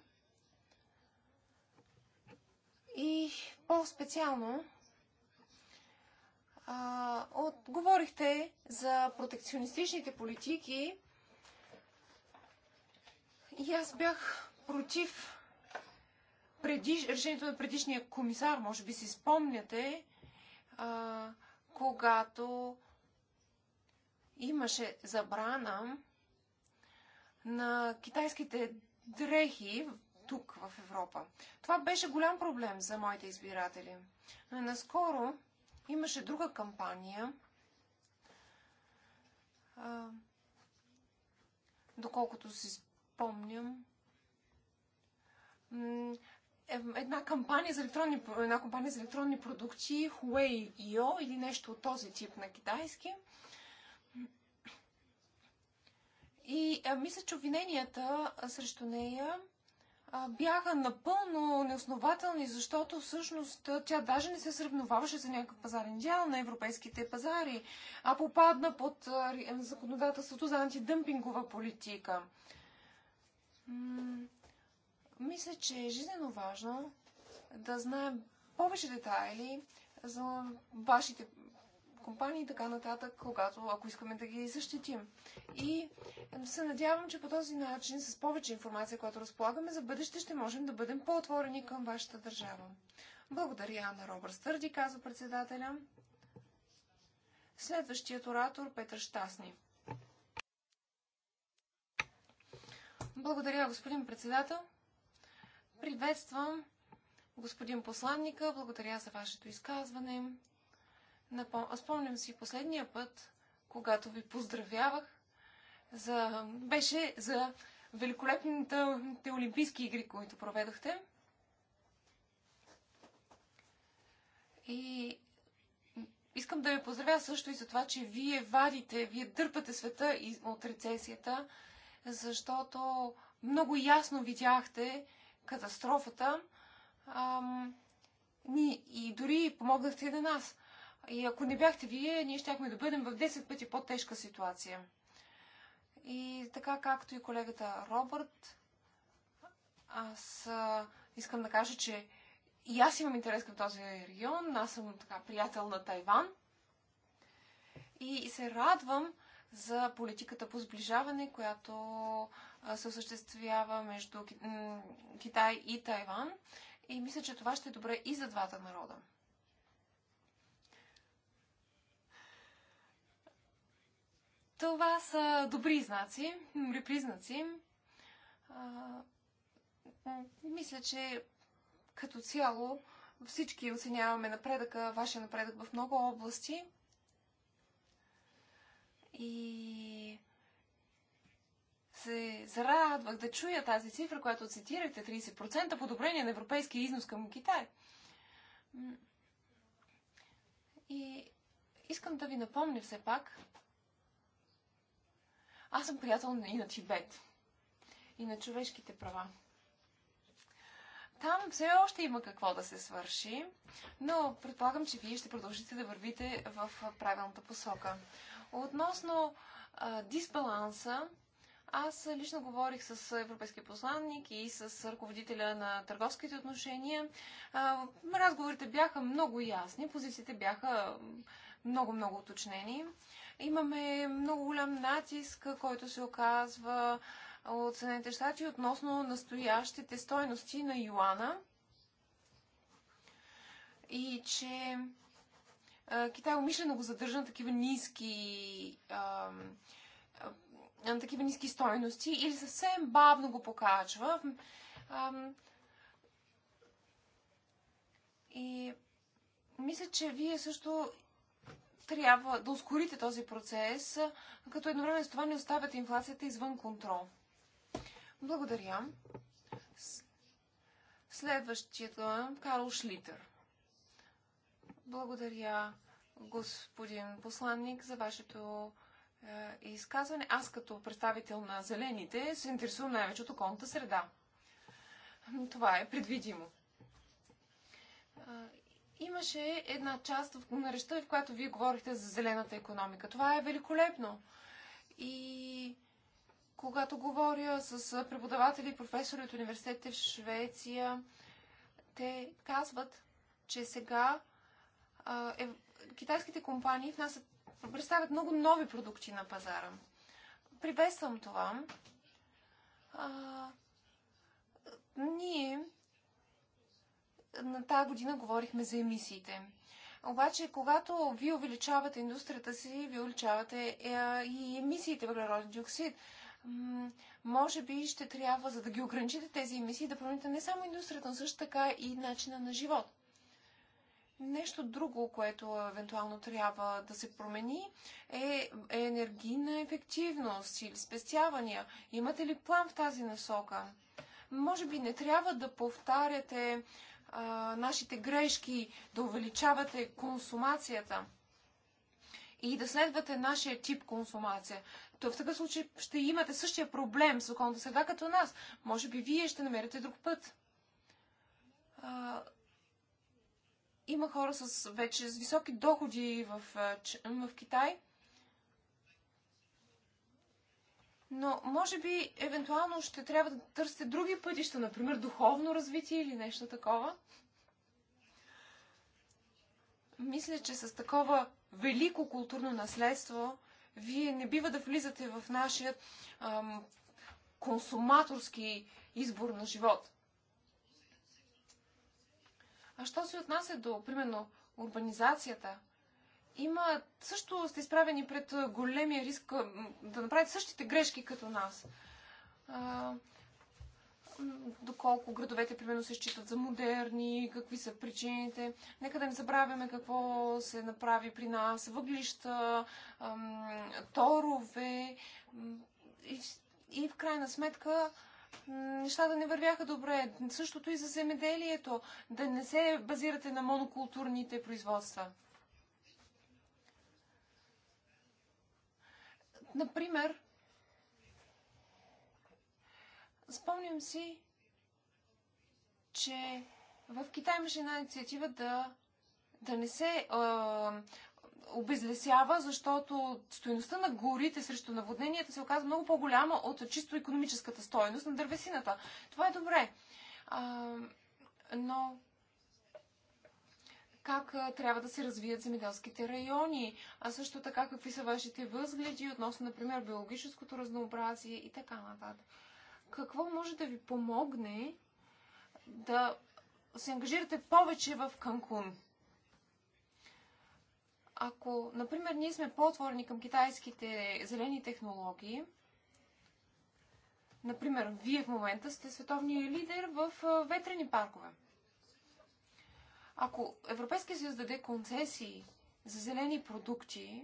и по-специално от, говорихте за протекционистичните политики и аз бях против предиш, решението на предишния комисар, може би си спомняте, а, когато имаше забрана на китайските дрехи тук в Европа. Това беше голям проблем за моите избиратели. Наскоро имаше друга кампания. А, доколкото си спомням, една кампания за електронни, една кампания за електронни продукти, Huawei.io или нещо от този тип на китайски – И а, мисля, че обвиненията срещу нея а, бяха напълно неоснователни, защото всъщност тя даже не се сравноваваше за някакъв пазарен дял на европейските пазари, а попадна под а, законодателството за антидъмпингова политика. М мисля, че е жизненно важно да знаем повече детайли за вашите компании и така нататък, когато, ако искаме да ги защитим. И се надявам, че по този начин, с повече информация, която разполагаме за бъдеще, ще можем да бъдем по-отворени към вашата държава. Благодаря, Анна Робър Стърди, казва председателя. Следващият оратор Петър Штасни. Благодаря, господин председател. Приветствам господин посланника. Благодаря за вашето изказване. Напом... Спомням си последния път, когато ви поздравявах, за... беше за великолепните Олимпийски игри, които проведохте. И искам да ви поздравя също и за това, че вие вадите, вие дърпате света от рецесията, защото много ясно видяхте катастрофата ам, и дори помогнахте и на нас. И ако не бяхте вие, ние щяхме да бъдем в 10 пъти по-тежка ситуация. И така както и колегата Робърт, аз искам да кажа, че и аз имам интерес към този регион. Аз съм така приятел на Тайван. И се радвам за политиката по сближаване, която се осъществява между Китай и Тайван. И мисля, че това ще е добре и за двата народа. Това са добри знаци, добри признаци. мисля, че като цяло всички оценяваме напредъка, вашия напредък в много области. И се зарадвах да чуя тази цифра, която цитирахте 30% подобрение на европейския износ към Китай. И искам да ви напомня все пак, Аз съм приятел и на Тибет. И на човешките права. Там все още има какво да се свърши, но предполагам, че вие ще продължите да вървите в правилната посока. Относно а, дисбаланса, аз лично говорих с европейския посланник и с ръководителя на търговските отношения. Разговорите бяха много ясни, позициите бяха много-много уточнени. Имаме много голям натиск, който се оказва от Съединените щати относно настоящите стойности на юана и че Китай умишлено го задържа на такива ниски на такива ниски стойности или съвсем бавно го покачва. И мисля, че вие също трябва да ускорите този процес, като едновременно с това не оставяте инфлацията извън контрол. Благодаря. Следващият е Карл Шлитър. Благодаря, господин посланник, за вашето е, изказване. Аз като представител на зелените се интересувам най-вече от околната среда. Това е предвидимо имаше една част на речта, в която вие говорихте за зелената економика. Това е великолепно. И когато говоря с преподаватели и професори от университетите в Швеция, те казват, че сега а, е, китайските компании в нас представят много нови продукти на пазара. Приветствам това. А, ние на тази година говорихме за емисиите. Обаче, когато ви увеличавате индустрията си, ви увеличавате и емисиите въглероден диоксид. Може би ще трябва, за да ги ограничите тези емисии, да промените не само индустрията, но също така и начина на живот. Нещо друго, което евентуално трябва да се промени е енергийна ефективност или спестявания. Имате ли план в тази насока? Може би не трябва да повтаряте а, нашите грешки, да увеличавате консумацията и да следвате нашия тип консумация. То в такъв случай ще имате същия проблем с околната среда като нас. Може би вие ще намерите друг път. А, има хора с, вече с високи доходи в, в Китай – но може би евентуално ще трябва да търсите други пътища, например духовно развитие или нещо такова. Мисля, че с такова велико културно наследство вие не бива да влизате в нашия ам, консуматорски избор на живот. А що се отнася до, примерно, урбанизацията – има, също сте изправени пред големия риск да направите същите грешки като нас. А, доколко градовете, примерно, се считат за модерни, какви са причините. Нека да не забравяме какво се направи при нас. Въглища, ам, торове и, и в крайна сметка нещата не вървяха добре. Същото и за земеделието. Да не се базирате на монокултурните производства. Например, спомням си, че в Китай имаше една инициатива да, да не се е, обезлесява, защото стоеността на горите срещу наводненията се оказа много по-голяма от чисто економическата стоеност на дървесината. Това е добре. А, но как трябва да се развият земеделските райони, а също така какви са вашите възгледи относно, например, биологическото разнообразие и така нататък. Какво може да ви помогне да се ангажирате повече в Канкун? Ако, например, ние сме по-отворени към китайските зелени технологии, например, вие в момента сте световния лидер в ветрени паркове – Ако Европейския съюз даде концесии за зелени продукти,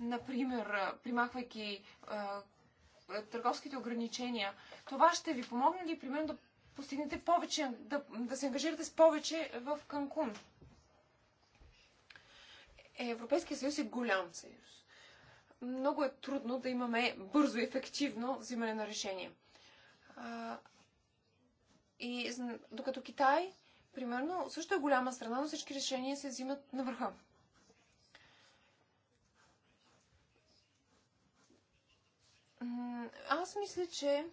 например, примахвайки а, търговските ограничения, това ще ви помогне ли, примерно, да постигнете повече, да, да се ангажирате с повече в Канкун? Европейския съюз е голям съюз. Много е трудно да имаме бързо и ефективно взимане на решение. И докато Китай, примерно, също е голяма страна, но всички решения се взимат на върха. Аз мисля, че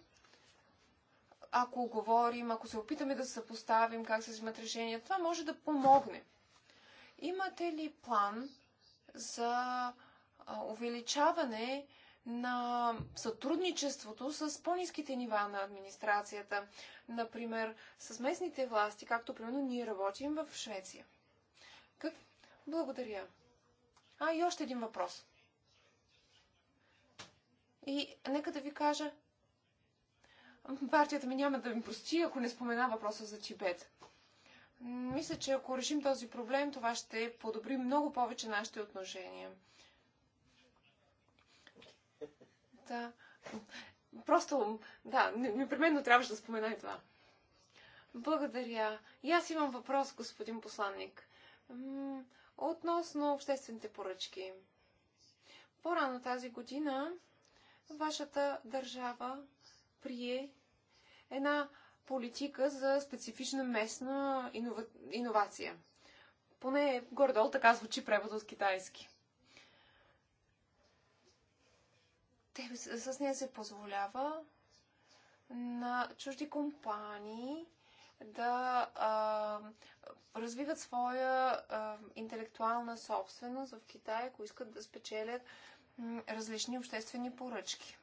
ако говорим, ако се опитаме да съпоставим как се взимат решения, това може да помогне. Имате ли план за увеличаване на сътрудничеството с по-низките нива на администрацията, например с местните власти, както примерно ние работим в Швеция. Как? Благодаря. А, и още един въпрос. И нека да ви кажа, партията ми няма да ми прости, ако не спомена въпроса за Тибет. Мисля, че ако решим този проблем, това ще подобри много повече нашите отношения. Та, просто, да, непременно трябваше да спомена и това. Благодаря. И аз имам въпрос, господин посланник. Относно обществените поръчки. По-рано тази година вашата държава прие една политика за специфична местна инова... иновация. Поне горе-долу така звучи превод от китайски. те, с нея се позволява на чужди компании да а, развиват своя а, интелектуална собственост в Китай, ако искат да спечелят м, различни обществени поръчки.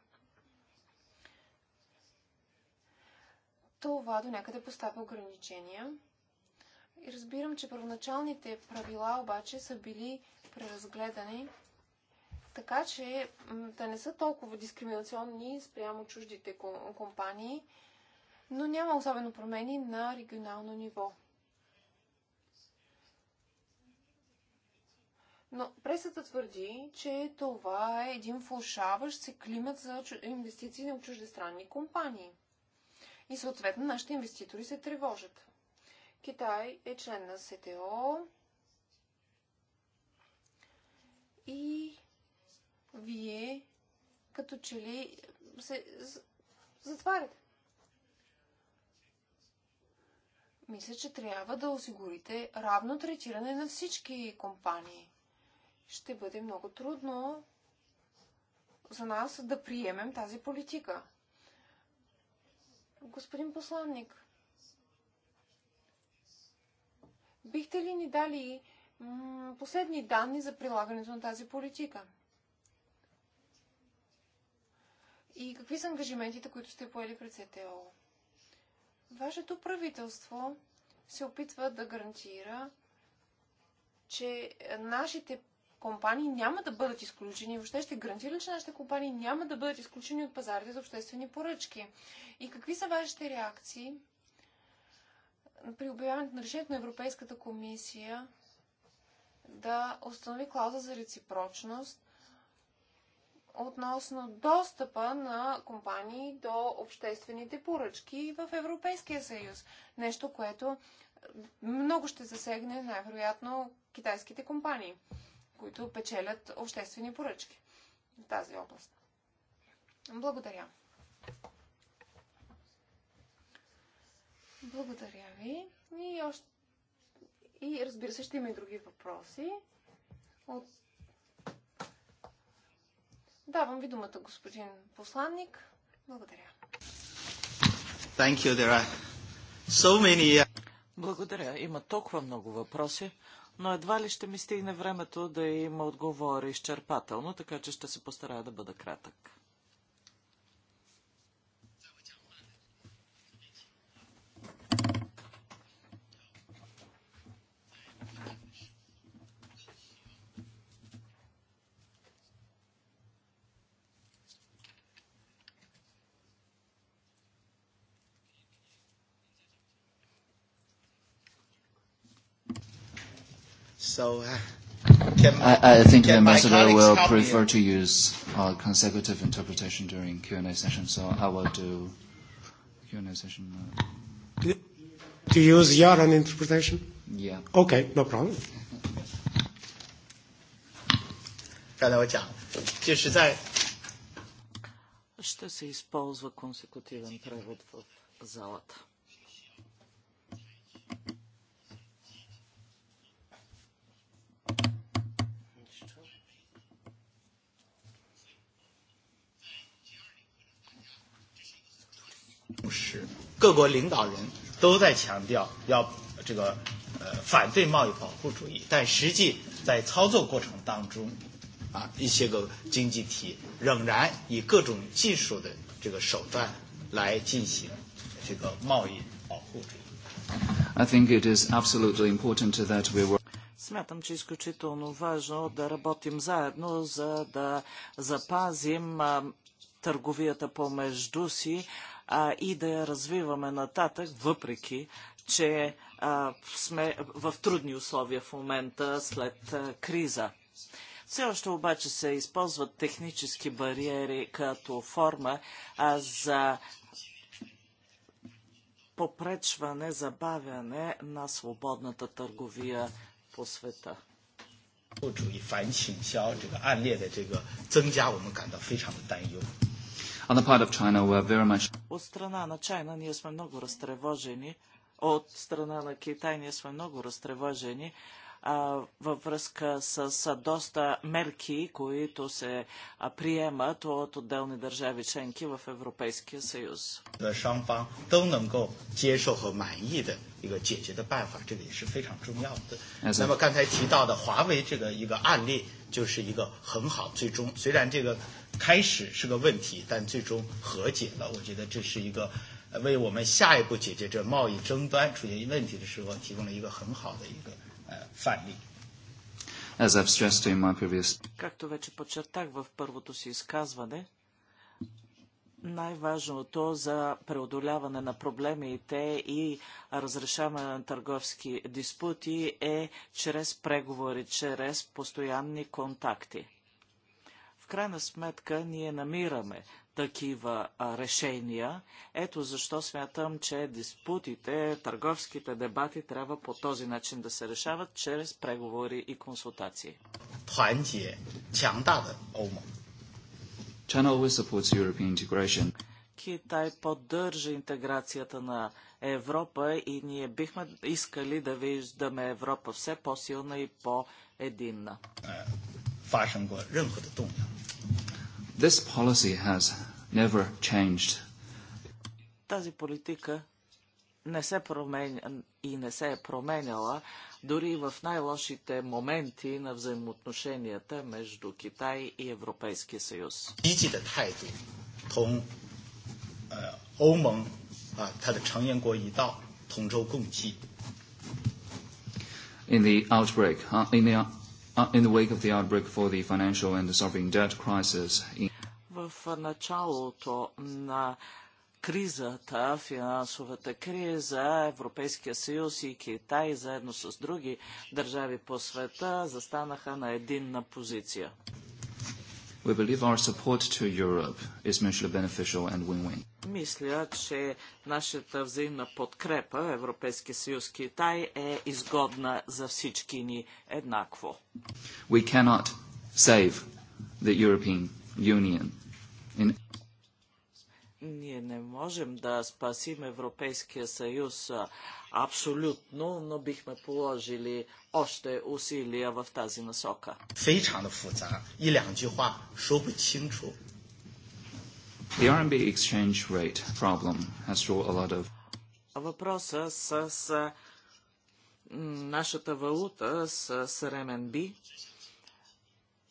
Това до някъде поставя ограничения. И разбирам, че първоначалните правила обаче са били преразгледани така че да не са толкова дискриминационни спрямо чуждите компании, но няма особено промени на регионално ниво. Но пресата твърди, че това е един влушаващ се климат за инвестиции на чуждестранни компании. И съответно нашите инвеститори се тревожат. Китай е член на СТО и вие като че ли се затваряте. Мисля, че трябва да осигурите равно третиране на всички компании. Ще бъде много трудно за нас да приемем тази политика. Господин посланник, бихте ли ни дали последни данни за прилагането на тази политика? и какви са ангажиментите, които сте поели пред СТО? Вашето правителство се опитва да гарантира, че нашите компании няма да бъдат изключени, въобще ще гарантира, че нашите компании няма да бъдат изключени от пазарите за обществени поръчки. И какви са вашите реакции при обявяването на решението на Европейската комисия да установи клауза за реципрочност относно достъпа на компании до обществените поръчки в Европейския съюз. Нещо, което много ще засегне най-вероятно китайските компании, които печелят обществени поръчки в тази област. Благодаря. Благодаря ви. И, още... и разбира се, ще има и други въпроси от Давам ви думата, господин посланник. Благодаря. Thank you. There are so many... Благодаря. Има толкова много въпроси, но едва ли ще ми стигне времето да им отговори изчерпателно, така че ще се постарая да бъда кратък. So uh, can, I, think the ambassador will prefer to use uh, consecutive interpretation during Q&A session. So I will do Q&A session. Uh, to use your own interpretation? Yeah. Okay, no problem. 刚才我讲，就是在 ще се използва консекутивен превод в залата. 时，各国领导人都在强调要这个呃反对贸易保护主义，但实际在操作过程当中，啊，一些个经济体仍然以各种技术的这个手段来进行这个贸易保护主义。I think it is absolutely important that we work. Смятам, че е изключително важно да работим заедно, за да запазим търговията помежду си, а, и да я развиваме нататък, въпреки, че а, сме в трудни условия в момента след а, криза. Все още обаче се използват технически бариери като форма а, за попречване, забавяне на свободната търговия по света. 主义反倾销这个案例的这个增加，我们感到非常的担忧。On the part of China, we're very much... От страна на Чайна ние сме много разтревожени. От страна на Китай ние сме много разтревожени във връзка с доста мерки, които се приемат от отделни държави членки в Европейския съюз. 那么刚才提到的华为这个一个案例，就是一个很好，最终虽然这个开始是个问题，但最终和解了。我觉得这是一个为我们下一步解决这贸易争端出现问题的时候提供了一个很好的一个 I've stressed in my previous. Както вече подчертах в първото си изказване, най-важното за преодоляване на проблемите и разрешаване на търговски диспути е чрез преговори, чрез постоянни контакти. В крайна сметка ние намираме такива решения. Ето защо смятам, че диспутите, търговските дебати трябва по този начин да се решават чрез преговори и консултации. Китай поддържа интеграцията на Европа и ние бихме искали да виждаме Европа все по-силна и по-единна. Uh, This policy has never changed. Тази политика не се променя и не се е променяла дори в най-лошите моменти на взаимоотношенията между Китай и Европейския съюз. In the outbreak, in the in the wake of the outbreak for the financial and the sovereign debt crisis. In... В началото на кризата, финансовата криза, Европейския съюз и Китай, заедно с други държави по света, застанаха на единна позиция. We believe our support to Europe is mutually beneficial and win-win. Мисля, че нашата взаимна подкрепа Европейски съюз Китай е изгодна за всички ни еднакво. We cannot save the European Union in Ние не можем да спасим Европейския съюз абсолютно, но бихме положили още усилия в тази насока. The RMB exchange rate problem has a lot of... Въпроса с, с нашата валута с, с РМНБ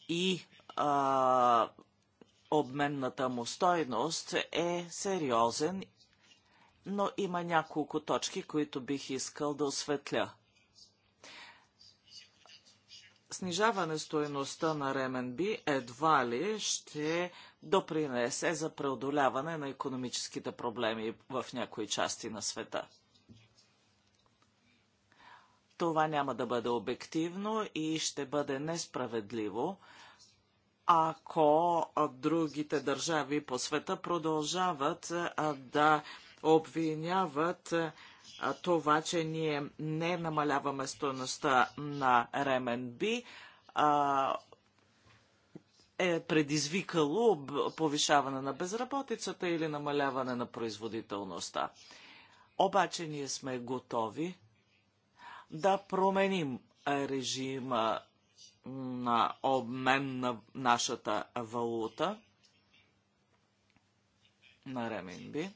и а, обменната му стойност е сериозен, но има няколко точки, които бих искал да осветля. Снижаване стоеността на РМНБ едва ли ще допринесе за преодоляване на економическите проблеми в някои части на света. Това няма да бъде обективно и ще бъде несправедливо ако другите държави по света продължават да обвиняват това, че ние не намаляваме стоеността на РМНБ, е предизвикало повишаване на безработицата или намаляване на производителността. Обаче ние сме готови да променим режима на обмен на нашата валута на реминби.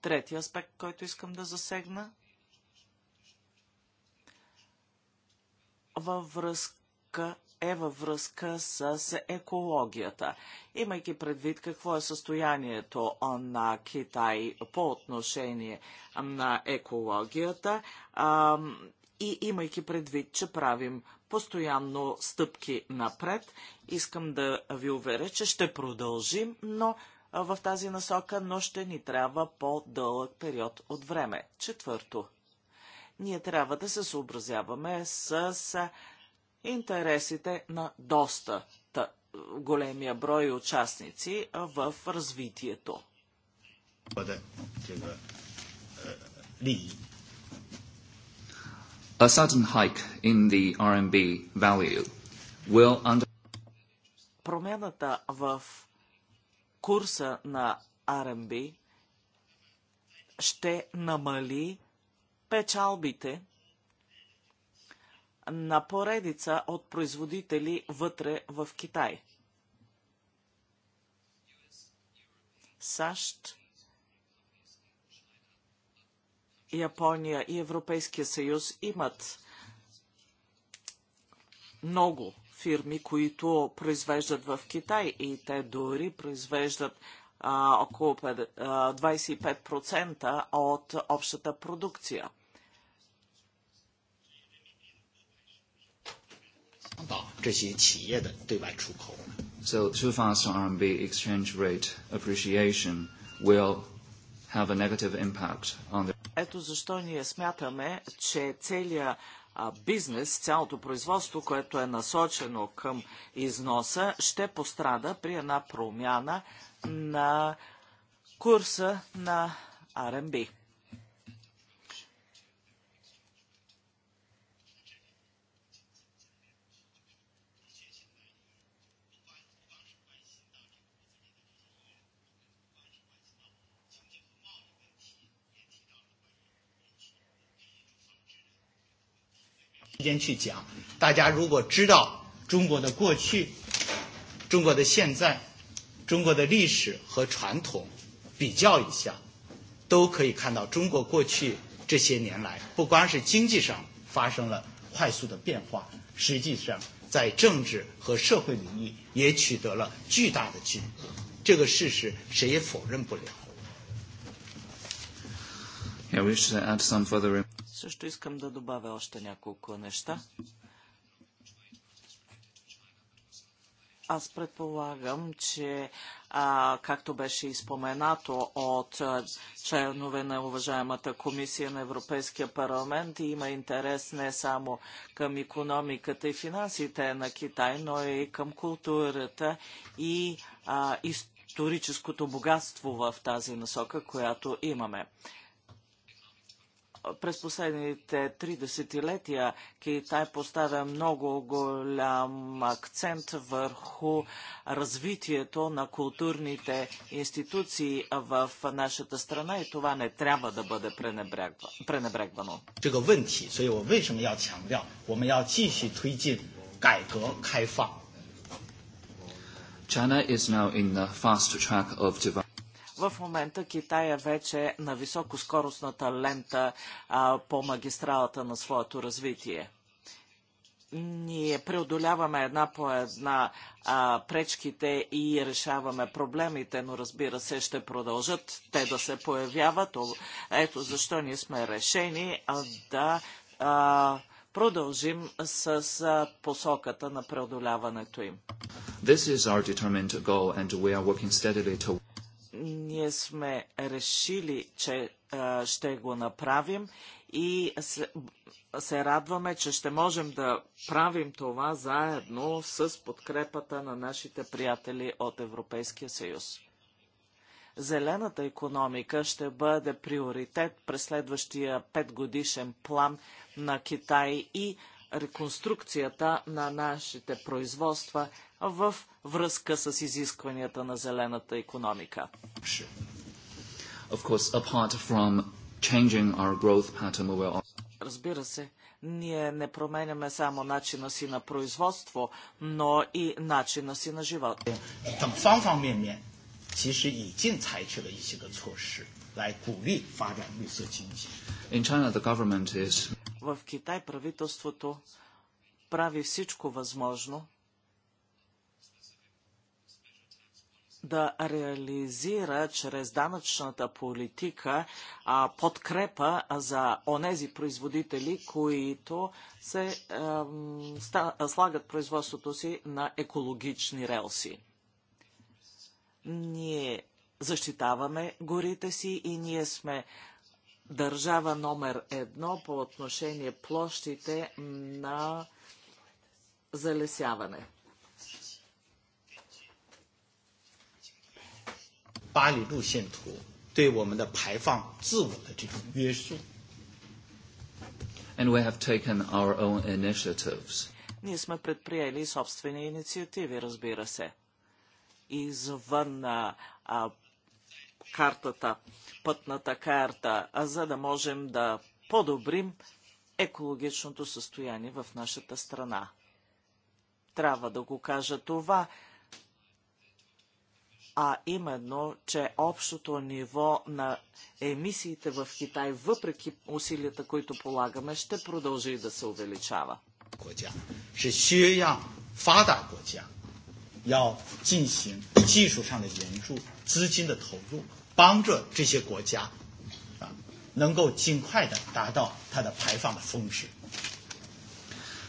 Третия аспект, който искам да засегна във връзка е във връзка с екологията. Имайки предвид какво е състоянието на Китай по отношение на екологията а, и имайки предвид, че правим постоянно стъпки напред, искам да ви уверя, че ще продължим, но в тази насока, но ще ни трябва по-дълъг период от време. Четвърто. Ние трябва да се съобразяваме с интересите на доста големия брой участници в развитието. A sudden hike in the RMB value will under... Промяната в курса на RMB ще намали печалбите на поредица от производители вътре в Китай. САЩ, Япония и Европейския съюз имат много фирми, които произвеждат в Китай и те дори произвеждат а, около 25% от общата продукция –到这些企业的对外出口呢？So too fast RMB exchange rate appreciation will have a negative impact on the... Ето защо ние смятаме, че целият бизнес, цялото производство, което е насочено към износа, ще пострада при една промяна на курса на RMB. 时间去讲。大家如果知道中国的过去、中国的现在、中国的历史和传统，比较一下，都可以看到中国过去这些年来，不光是经济上发生了快速的变化，实际上在政治和社会领域也取得了巨大的进步。这个事实谁也否认不了。Yeah, we should add some further. Също искам да добавя още няколко неща. Аз предполагам, че а, както беше изпоменато от членове на уважаемата комисия на Европейския парламент, има интерес не само към економиката и финансите на Китай, но и към културата и а, историческото богатство в тази насока, която имаме през последните три десетилетия Китай поставя много голям акцент върху развитието на културните институции в нашата страна и това не трябва да бъде пренебрегвано. China is now in the fast track of development. В момента Китай е вече на високоскоростната лента а, по магистралата на своето развитие ние преодоляваме една по една а, пречките и решаваме проблемите, но разбира се ще продължат те да се появяват. Ето защо ние сме решени а, да а, продължим с а, посоката на преодоляването им. This is our determined goal and we are working steadily to ние сме решили, че а, ще го направим и се, се радваме, че ще можем да правим това заедно с подкрепата на нашите приятели от Европейския съюз. Зелената економика ще бъде приоритет през следващия петгодишен план на Китай и реконструкцията на нашите производства в връзка с изискванията на зелената економика. Of course, apart from changing our growth pattern, we will Разбира се, ние не променяме само начина си на производство, но и начина си на живот. В Китай правителството прави всичко възможно да реализира чрез данъчната политика а, подкрепа за онези производители, които се а, слагат производството си на екологични релси. Ние защитаваме горите си и ние сме държава номер едно по отношение площите на залесяване. 巴黎路线图对我们的排放自我的这种约束。And we have taken our own initiatives. Ние сме предприели собствени инициативи, разбира се. Извън а, картата, пътната карта, а за да можем да подобрим екологичното състояние в нашата страна. Трябва да го кажа това, а именно, че общото ниво на емисиите в Китай, въпреки усилията, които полагаме, ще продължи да се увеличава.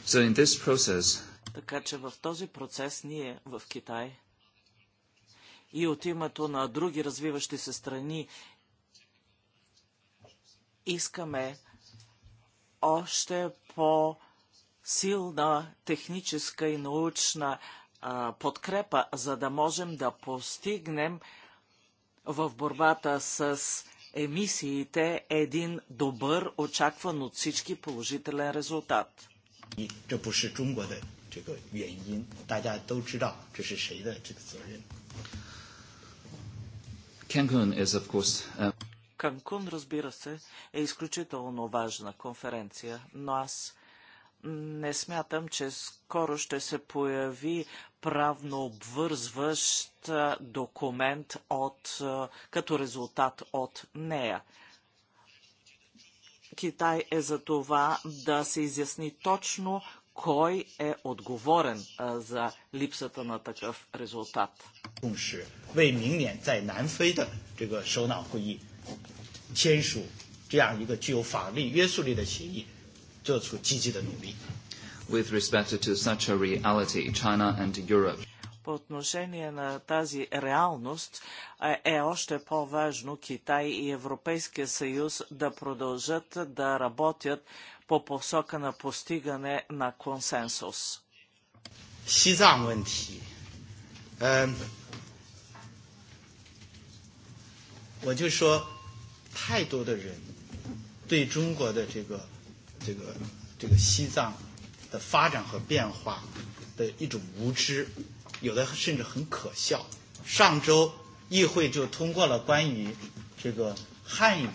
So in this process, така че в този процес ние в Китай и от името на други развиващи се страни искаме още по-силна техническа и научна а, подкрепа, за да можем да постигнем в борбата с емисиите един добър, очакван от всички положителен резултат. 这不是中国的这个原因，大家都知道这是谁的这个责任。Cancun is of course uh... Cancun, разбира се, е изключително важна конференция, но аз не смятам, че скоро ще се появи правно обвързващ документ от, като резултат от нея. Китай е за това да се изясни точно кой е отговорен за липсата на такъв резултат. With respect to such a reality, China and Europe по отношение на тази реалност е още по-важно Китай и Европейския съюз да продължат да работят по посока на постигане на консенсус. 西藏问题，嗯，我就说，太多的人对中国的这个、这个、这个西藏的发展和变化的一种无知，有的甚至很可笑。上周议会就通过了关于这个汉语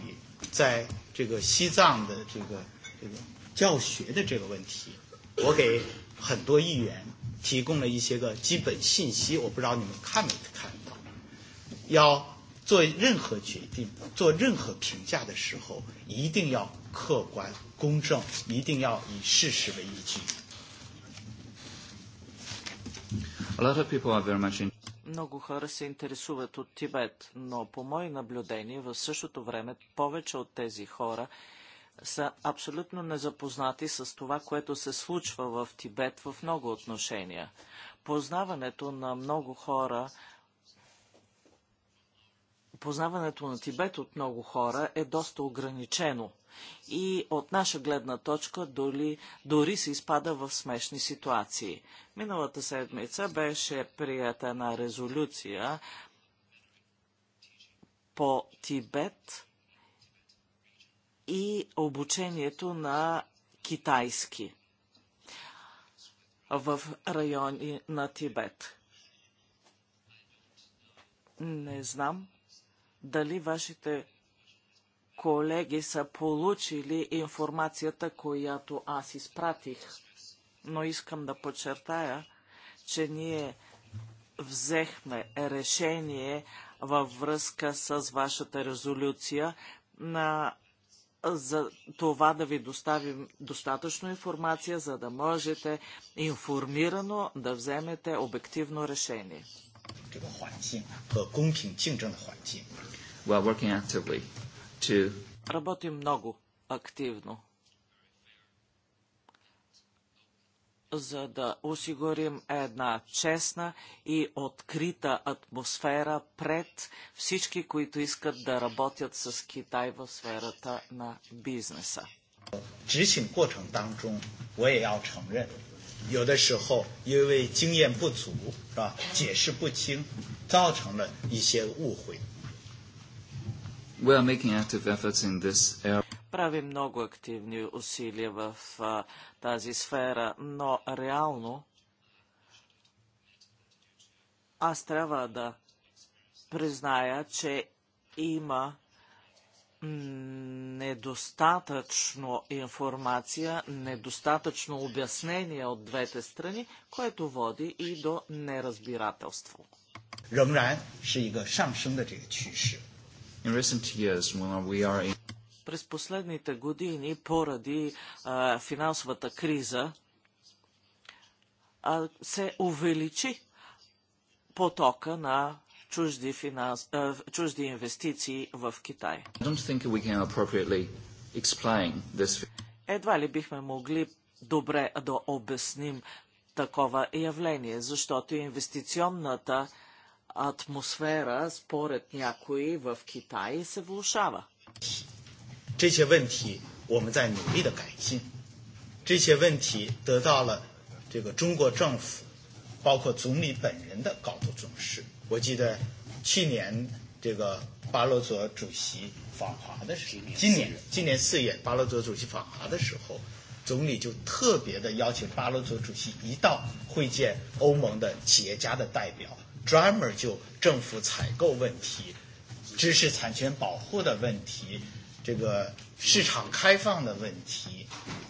在这个西藏的这个这个教学的这个问题，我给很多议员提供了一些个基本信息，我不知道你们看没看到。要做任何决定、做任何评价的时候，一定要客观公正，一定要以事实为依据。A lot of people are very much in много хора се интересуват от Тибет, но по мои наблюдения в същото време повече от тези хора са абсолютно незапознати с това, което се случва в Тибет в много отношения. Познаването на много хора познаването на Тибет от много хора е доста ограничено. И от наша гледна точка дори, дори се изпада в смешни ситуации. Миналата седмица беше прията една резолюция по Тибет, и обучението на китайски в райони на Тибет. Не знам дали вашите колеги са получили информацията, която аз изпратих, но искам да подчертая, че ние взехме решение във връзка с вашата резолюция на за това да ви доставим достатъчно информация, за да можете информирано да вземете обективно решение. Работим много активно за да осигурим една честна и открита атмосфера пред всички, които искат да работят с Китай в сферата на бизнеса. 执行过程当中，我也要承认，有的时候因为经验不足，是吧？解释不清，造成了一些误会。We are making active efforts in this area. Правим много активни усилия в а, тази сфера, но реално аз трябва да призная, че има недостатъчно информация, недостатъчно обяснение от двете страни, което води и до неразбирателство. 仍然是一个上升的这个趋势。През последните години, поради а, финансовата криза, а, се увеличи потока на чужди, финанс, а, чужди инвестиции в Китай. Едва ли бихме могли добре да обясним такова явление, защото инвестиционната а, атмосфера, според някои в Китай, се влушава. 这些问题我们在努力的改进，这些问题得到了这个中国政府，包括总理本人的高度重视。我记得去年这个巴洛佐主席访华的时候，今年今年四月巴洛佐主席访华的时候，总理就特别的邀请巴洛佐主席一道会见欧盟的企业家的代表。专门就政府采购问题、知识产权保护的问题、这个市场开放的问题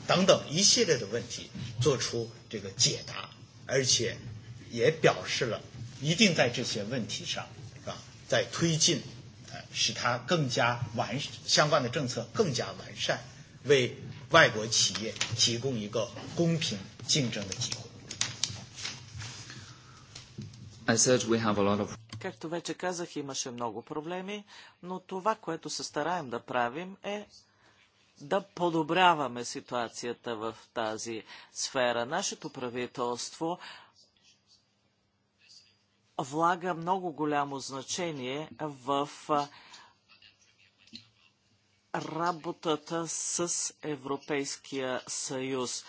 等等一系列的问题做出这个解答，而且也表示了一定在这些问题上啊在推进，呃，使它更加完相关的政策更加完善，为外国企业提供一个公平竞争的机会。Of... Както вече казах, имаше много проблеми, но това, което се стараем да правим е да подобряваме ситуацията в тази сфера. Нашето правителство влага много голямо значение в работата с Европейския съюз.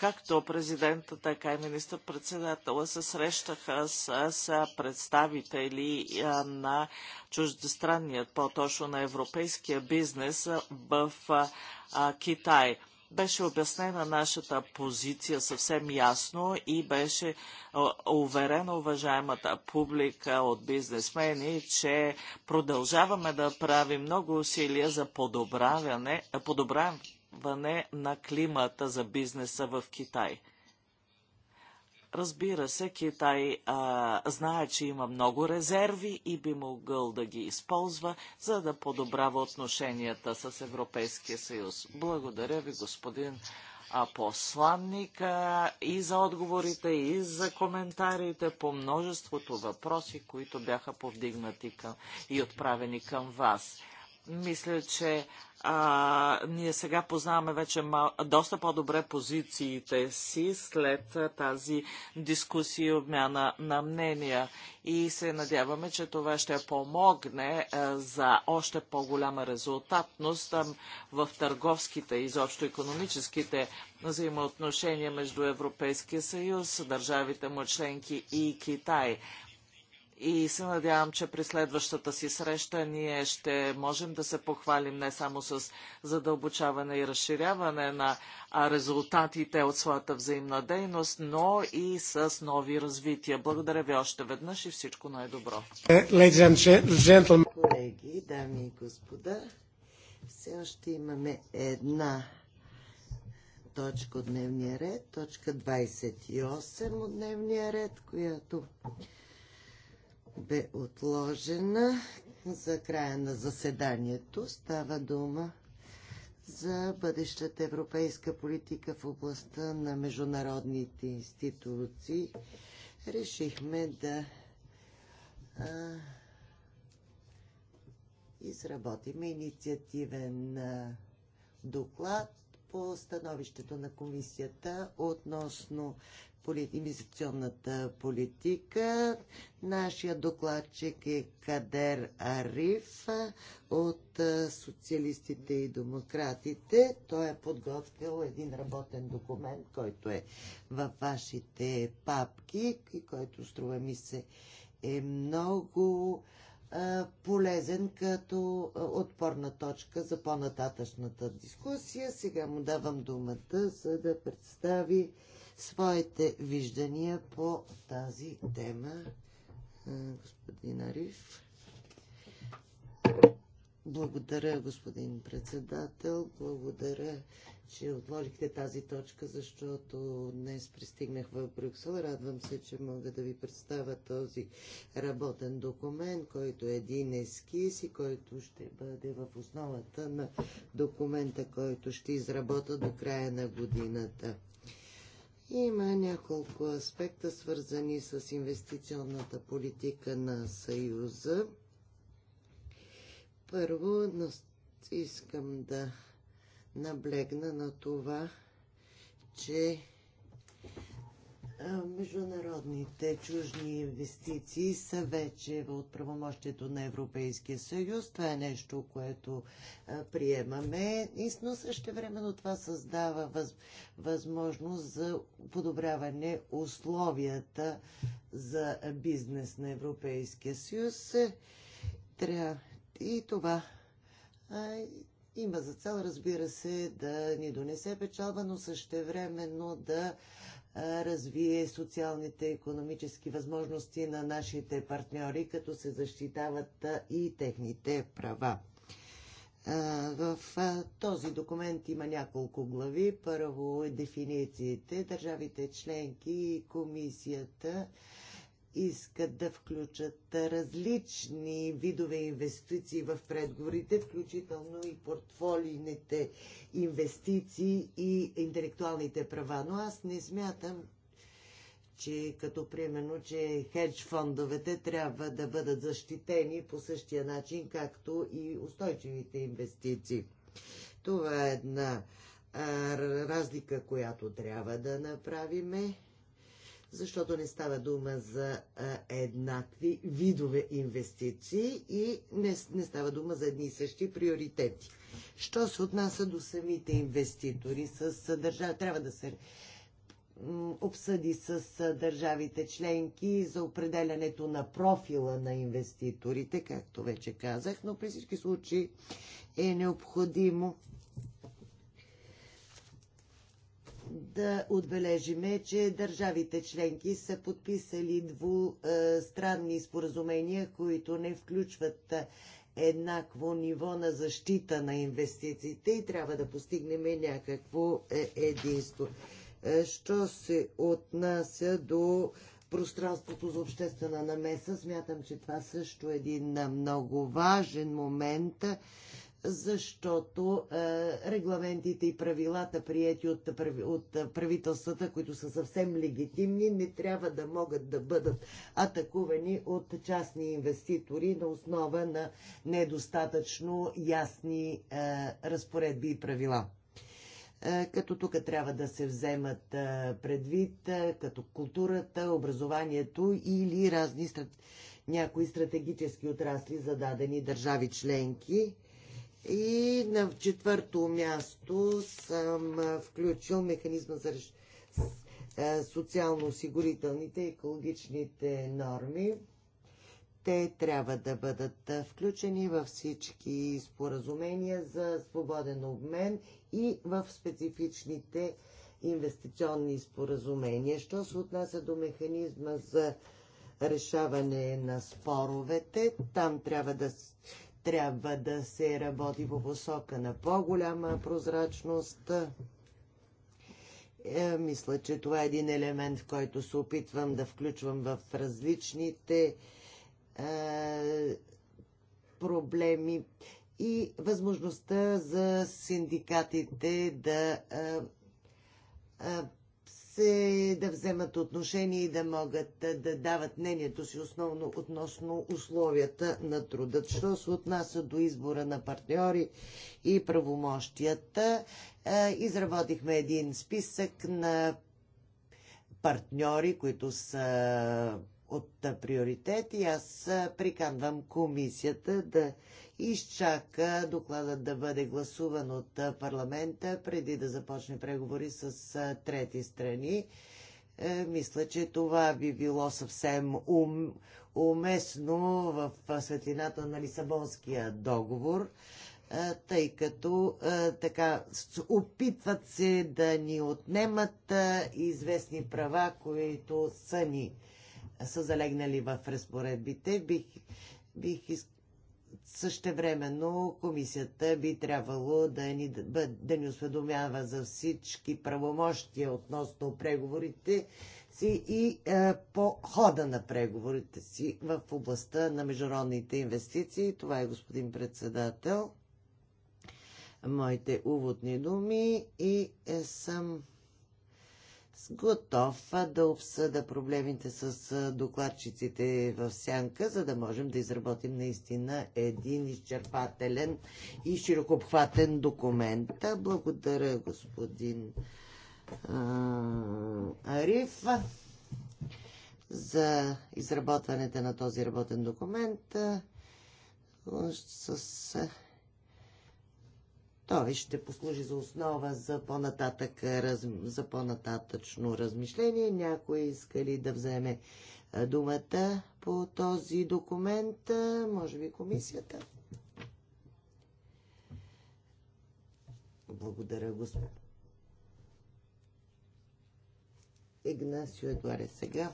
Както президента, така и министър-председателя се срещаха с, с представители на чуждестранния, по-точно на европейския бизнес в а, Китай беше обяснена нашата позиция съвсем ясно и беше уверена уважаемата публика от бизнесмени, че продължаваме да правим много усилия за подобряване, подобряване подобряване на климата за бизнеса в Китай. Разбира се, Китай а, знае, че има много резерви и би могъл да ги използва, за да подобрава отношенията с Европейския съюз. Благодаря ви, господин а, посланник, а, и за отговорите, и за коментарите по множеството въпроси, които бяха повдигнати към, и отправени към вас. Мисля, че а, ние сега познаваме вече мал, доста по-добре позициите си след тази дискусия и обмяна на мнения. И се надяваме, че това ще помогне а, за още по-голяма резултатност а, в търговските, и изобщо економическите взаимоотношения между Европейския съюз, държавите му членки и Китай и се надявам, че при следващата си среща ние ще можем да се похвалим не само с задълбочаване и разширяване на резултатите от своята взаимна дейност, но и с нови развития. Благодаря ви още веднъж и всичко най-добро. Колеги, дами и господа, все още имаме една точка от дневния ред, точка 28 от дневния ред, която бе отложена за края на заседанието. Става дума за бъдещата европейска политика в областта на международните институции. Решихме да а, изработим инициативен а, доклад по становището на комисията относно инвестиционната политика. Нашия докладчик е Кадер Ариф от социалистите и демократите. Той е подготвил един работен документ, който е във вашите папки и който струва ми се е много полезен като отпорна точка за по-нататъчната дискусия. Сега му давам думата, за да представи своите виждания по тази тема. Господин Ариф. Благодаря, господин председател. Благодаря, че отложихте тази точка, защото днес пристигнах в Брюксел. Радвам се, че мога да ви представя този работен документ, който е един ескиз и който ще бъде в основата на документа, който ще изработа до края на годината. Има няколко аспекта, свързани с инвестиционната политика на Съюза. Първо, искам да наблегна на това, че Международните чужни инвестиции са вече от правомощието на Европейския съюз. Това е нещо, което приемаме, и, но също времено това създава въз, възможност за подобряване условията за бизнес на Европейския съюз. Трябва и това има за цел, разбира се, да ни донесе печалба, но също времено да развие социалните и економически възможности на нашите партньори, като се защитават и техните права. В този документ има няколко глави. Първо е дефинициите. Държавите членки и комисията искат да включат различни видове инвестиции в предговорите, включително и портфолийните инвестиции и интелектуалните права. Но аз не смятам, че като примерно, че хедж фондовете трябва да бъдат защитени по същия начин, както и устойчивите инвестиции. Това е една а, разлика, която трябва да направиме защото не става дума за еднакви видове инвестиции и не, не става дума за едни и същи приоритети. Що се отнася до самите инвеститори, с държава, трябва да се обсъди с държавите членки за определянето на профила на инвеститорите, както вече казах, но при всички случаи е необходимо да отбележиме, че държавите членки са подписали двустранни споразумения, които не включват еднакво ниво на защита на инвестициите и трябва да постигнем някакво единство. Що се отнася до пространството за обществена намеса, смятам, че това също е един много важен момент защото е, регламентите и правилата, прияти от, от правителствата, които са съвсем легитимни, не трябва да могат да бъдат атакувани от частни инвеститори на основа на недостатъчно ясни е, разпоредби и правила като тук трябва да се вземат предвид като културата, образованието или разни някои стратегически отрасли за дадени държави членки. И на четвърто място съм включил механизма за социално-осигурителните и екологичните норми. Те трябва да бъдат включени във всички споразумения за свободен обмен и в специфичните инвестиционни споразумения. Що се отнася до механизма за решаване на споровете, там трябва да Трябва да се работи по посока на по-голяма прозрачност. Е, мисля, че това е един елемент, който се опитвам да включвам в различните е, проблеми и възможността за синдикатите да е, е, се, да вземат отношение и да могат да дават мнението си основно относно условията на труда. Що се отнася до избора на партньори и правомощията, изработихме един списък на партньори, които са от приоритет и аз приканвам комисията да изчака докладът да бъде гласуван от парламента преди да започне преговори с трети страни. Мисля, че това би било съвсем ум, уместно в светлината на Лисабонския договор, тъй като така опитват се да ни отнемат известни права, които са ни са залегнали в разпоредбите. Бих, бих искал Същевременно комисията би трябвало да ни, да ни осведомява за всички правомощия относно преговорите си и е, по хода на преговорите си в областта на международните инвестиции. Това е господин председател. Моите уводни думи и е, съм готов да обсъда проблемите с докладчиците в сянка, за да можем да изработим наистина един изчерпателен и широкообхватен документ. Благодаря, господин а, Ариф за изработването на този работен документ с ви ще послужи за основа за, по-нататък, раз, за по-нататъчно размишление. Някой иска ли да вземе думата по този документ? Може би комисията? Благодаря, господин. Игнасио Едуаре сега.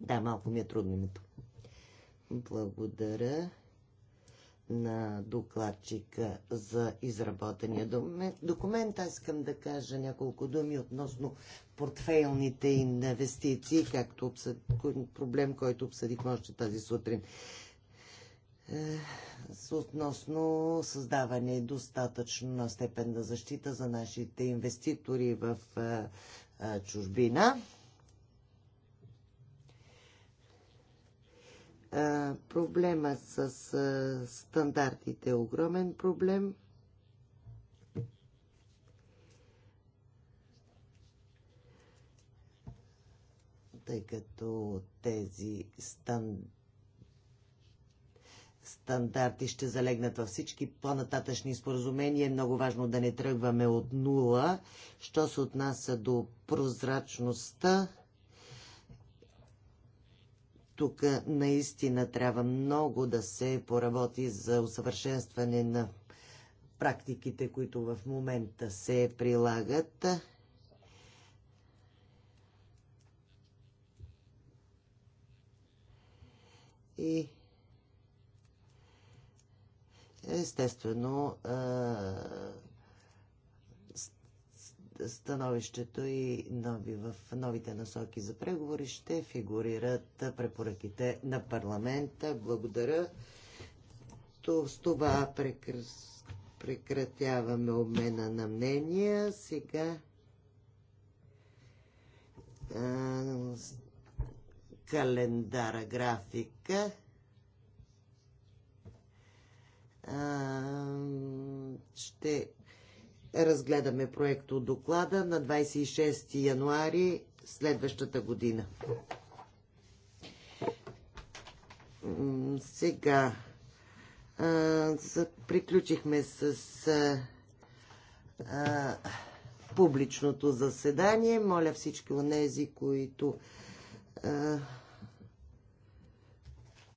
Да, малко ми е трудно името. Благодаря на докладчика за изработения документ. Аз искам да кажа няколко думи относно портфейлните инвестиции, както обсъд... проблем, който обсъдихме още тази сутрин. Относно създаване достатъчно на степен на защита за нашите инвеститори в чужбина проблема с стандартите е огромен проблем. Тъй като тези стандарти стандарти ще залегнат във всички по-нататъчни споразумения. Е много важно да не тръгваме от нула. Що се отнася до прозрачността, тук наистина трябва много да се поработи за усъвършенстване на практиките, които в момента се прилагат. И естествено становището и нови, в новите насоки за преговори ще фигурират препоръките на парламента. Благодаря. То, с това прекр... прекратяваме обмена на мнения. Сега а, календара, графика. А, ще разгледаме проекто доклада на 26 януари следващата година. Сега а, приключихме с а, а, публичното заседание. Моля всички от тези, които а,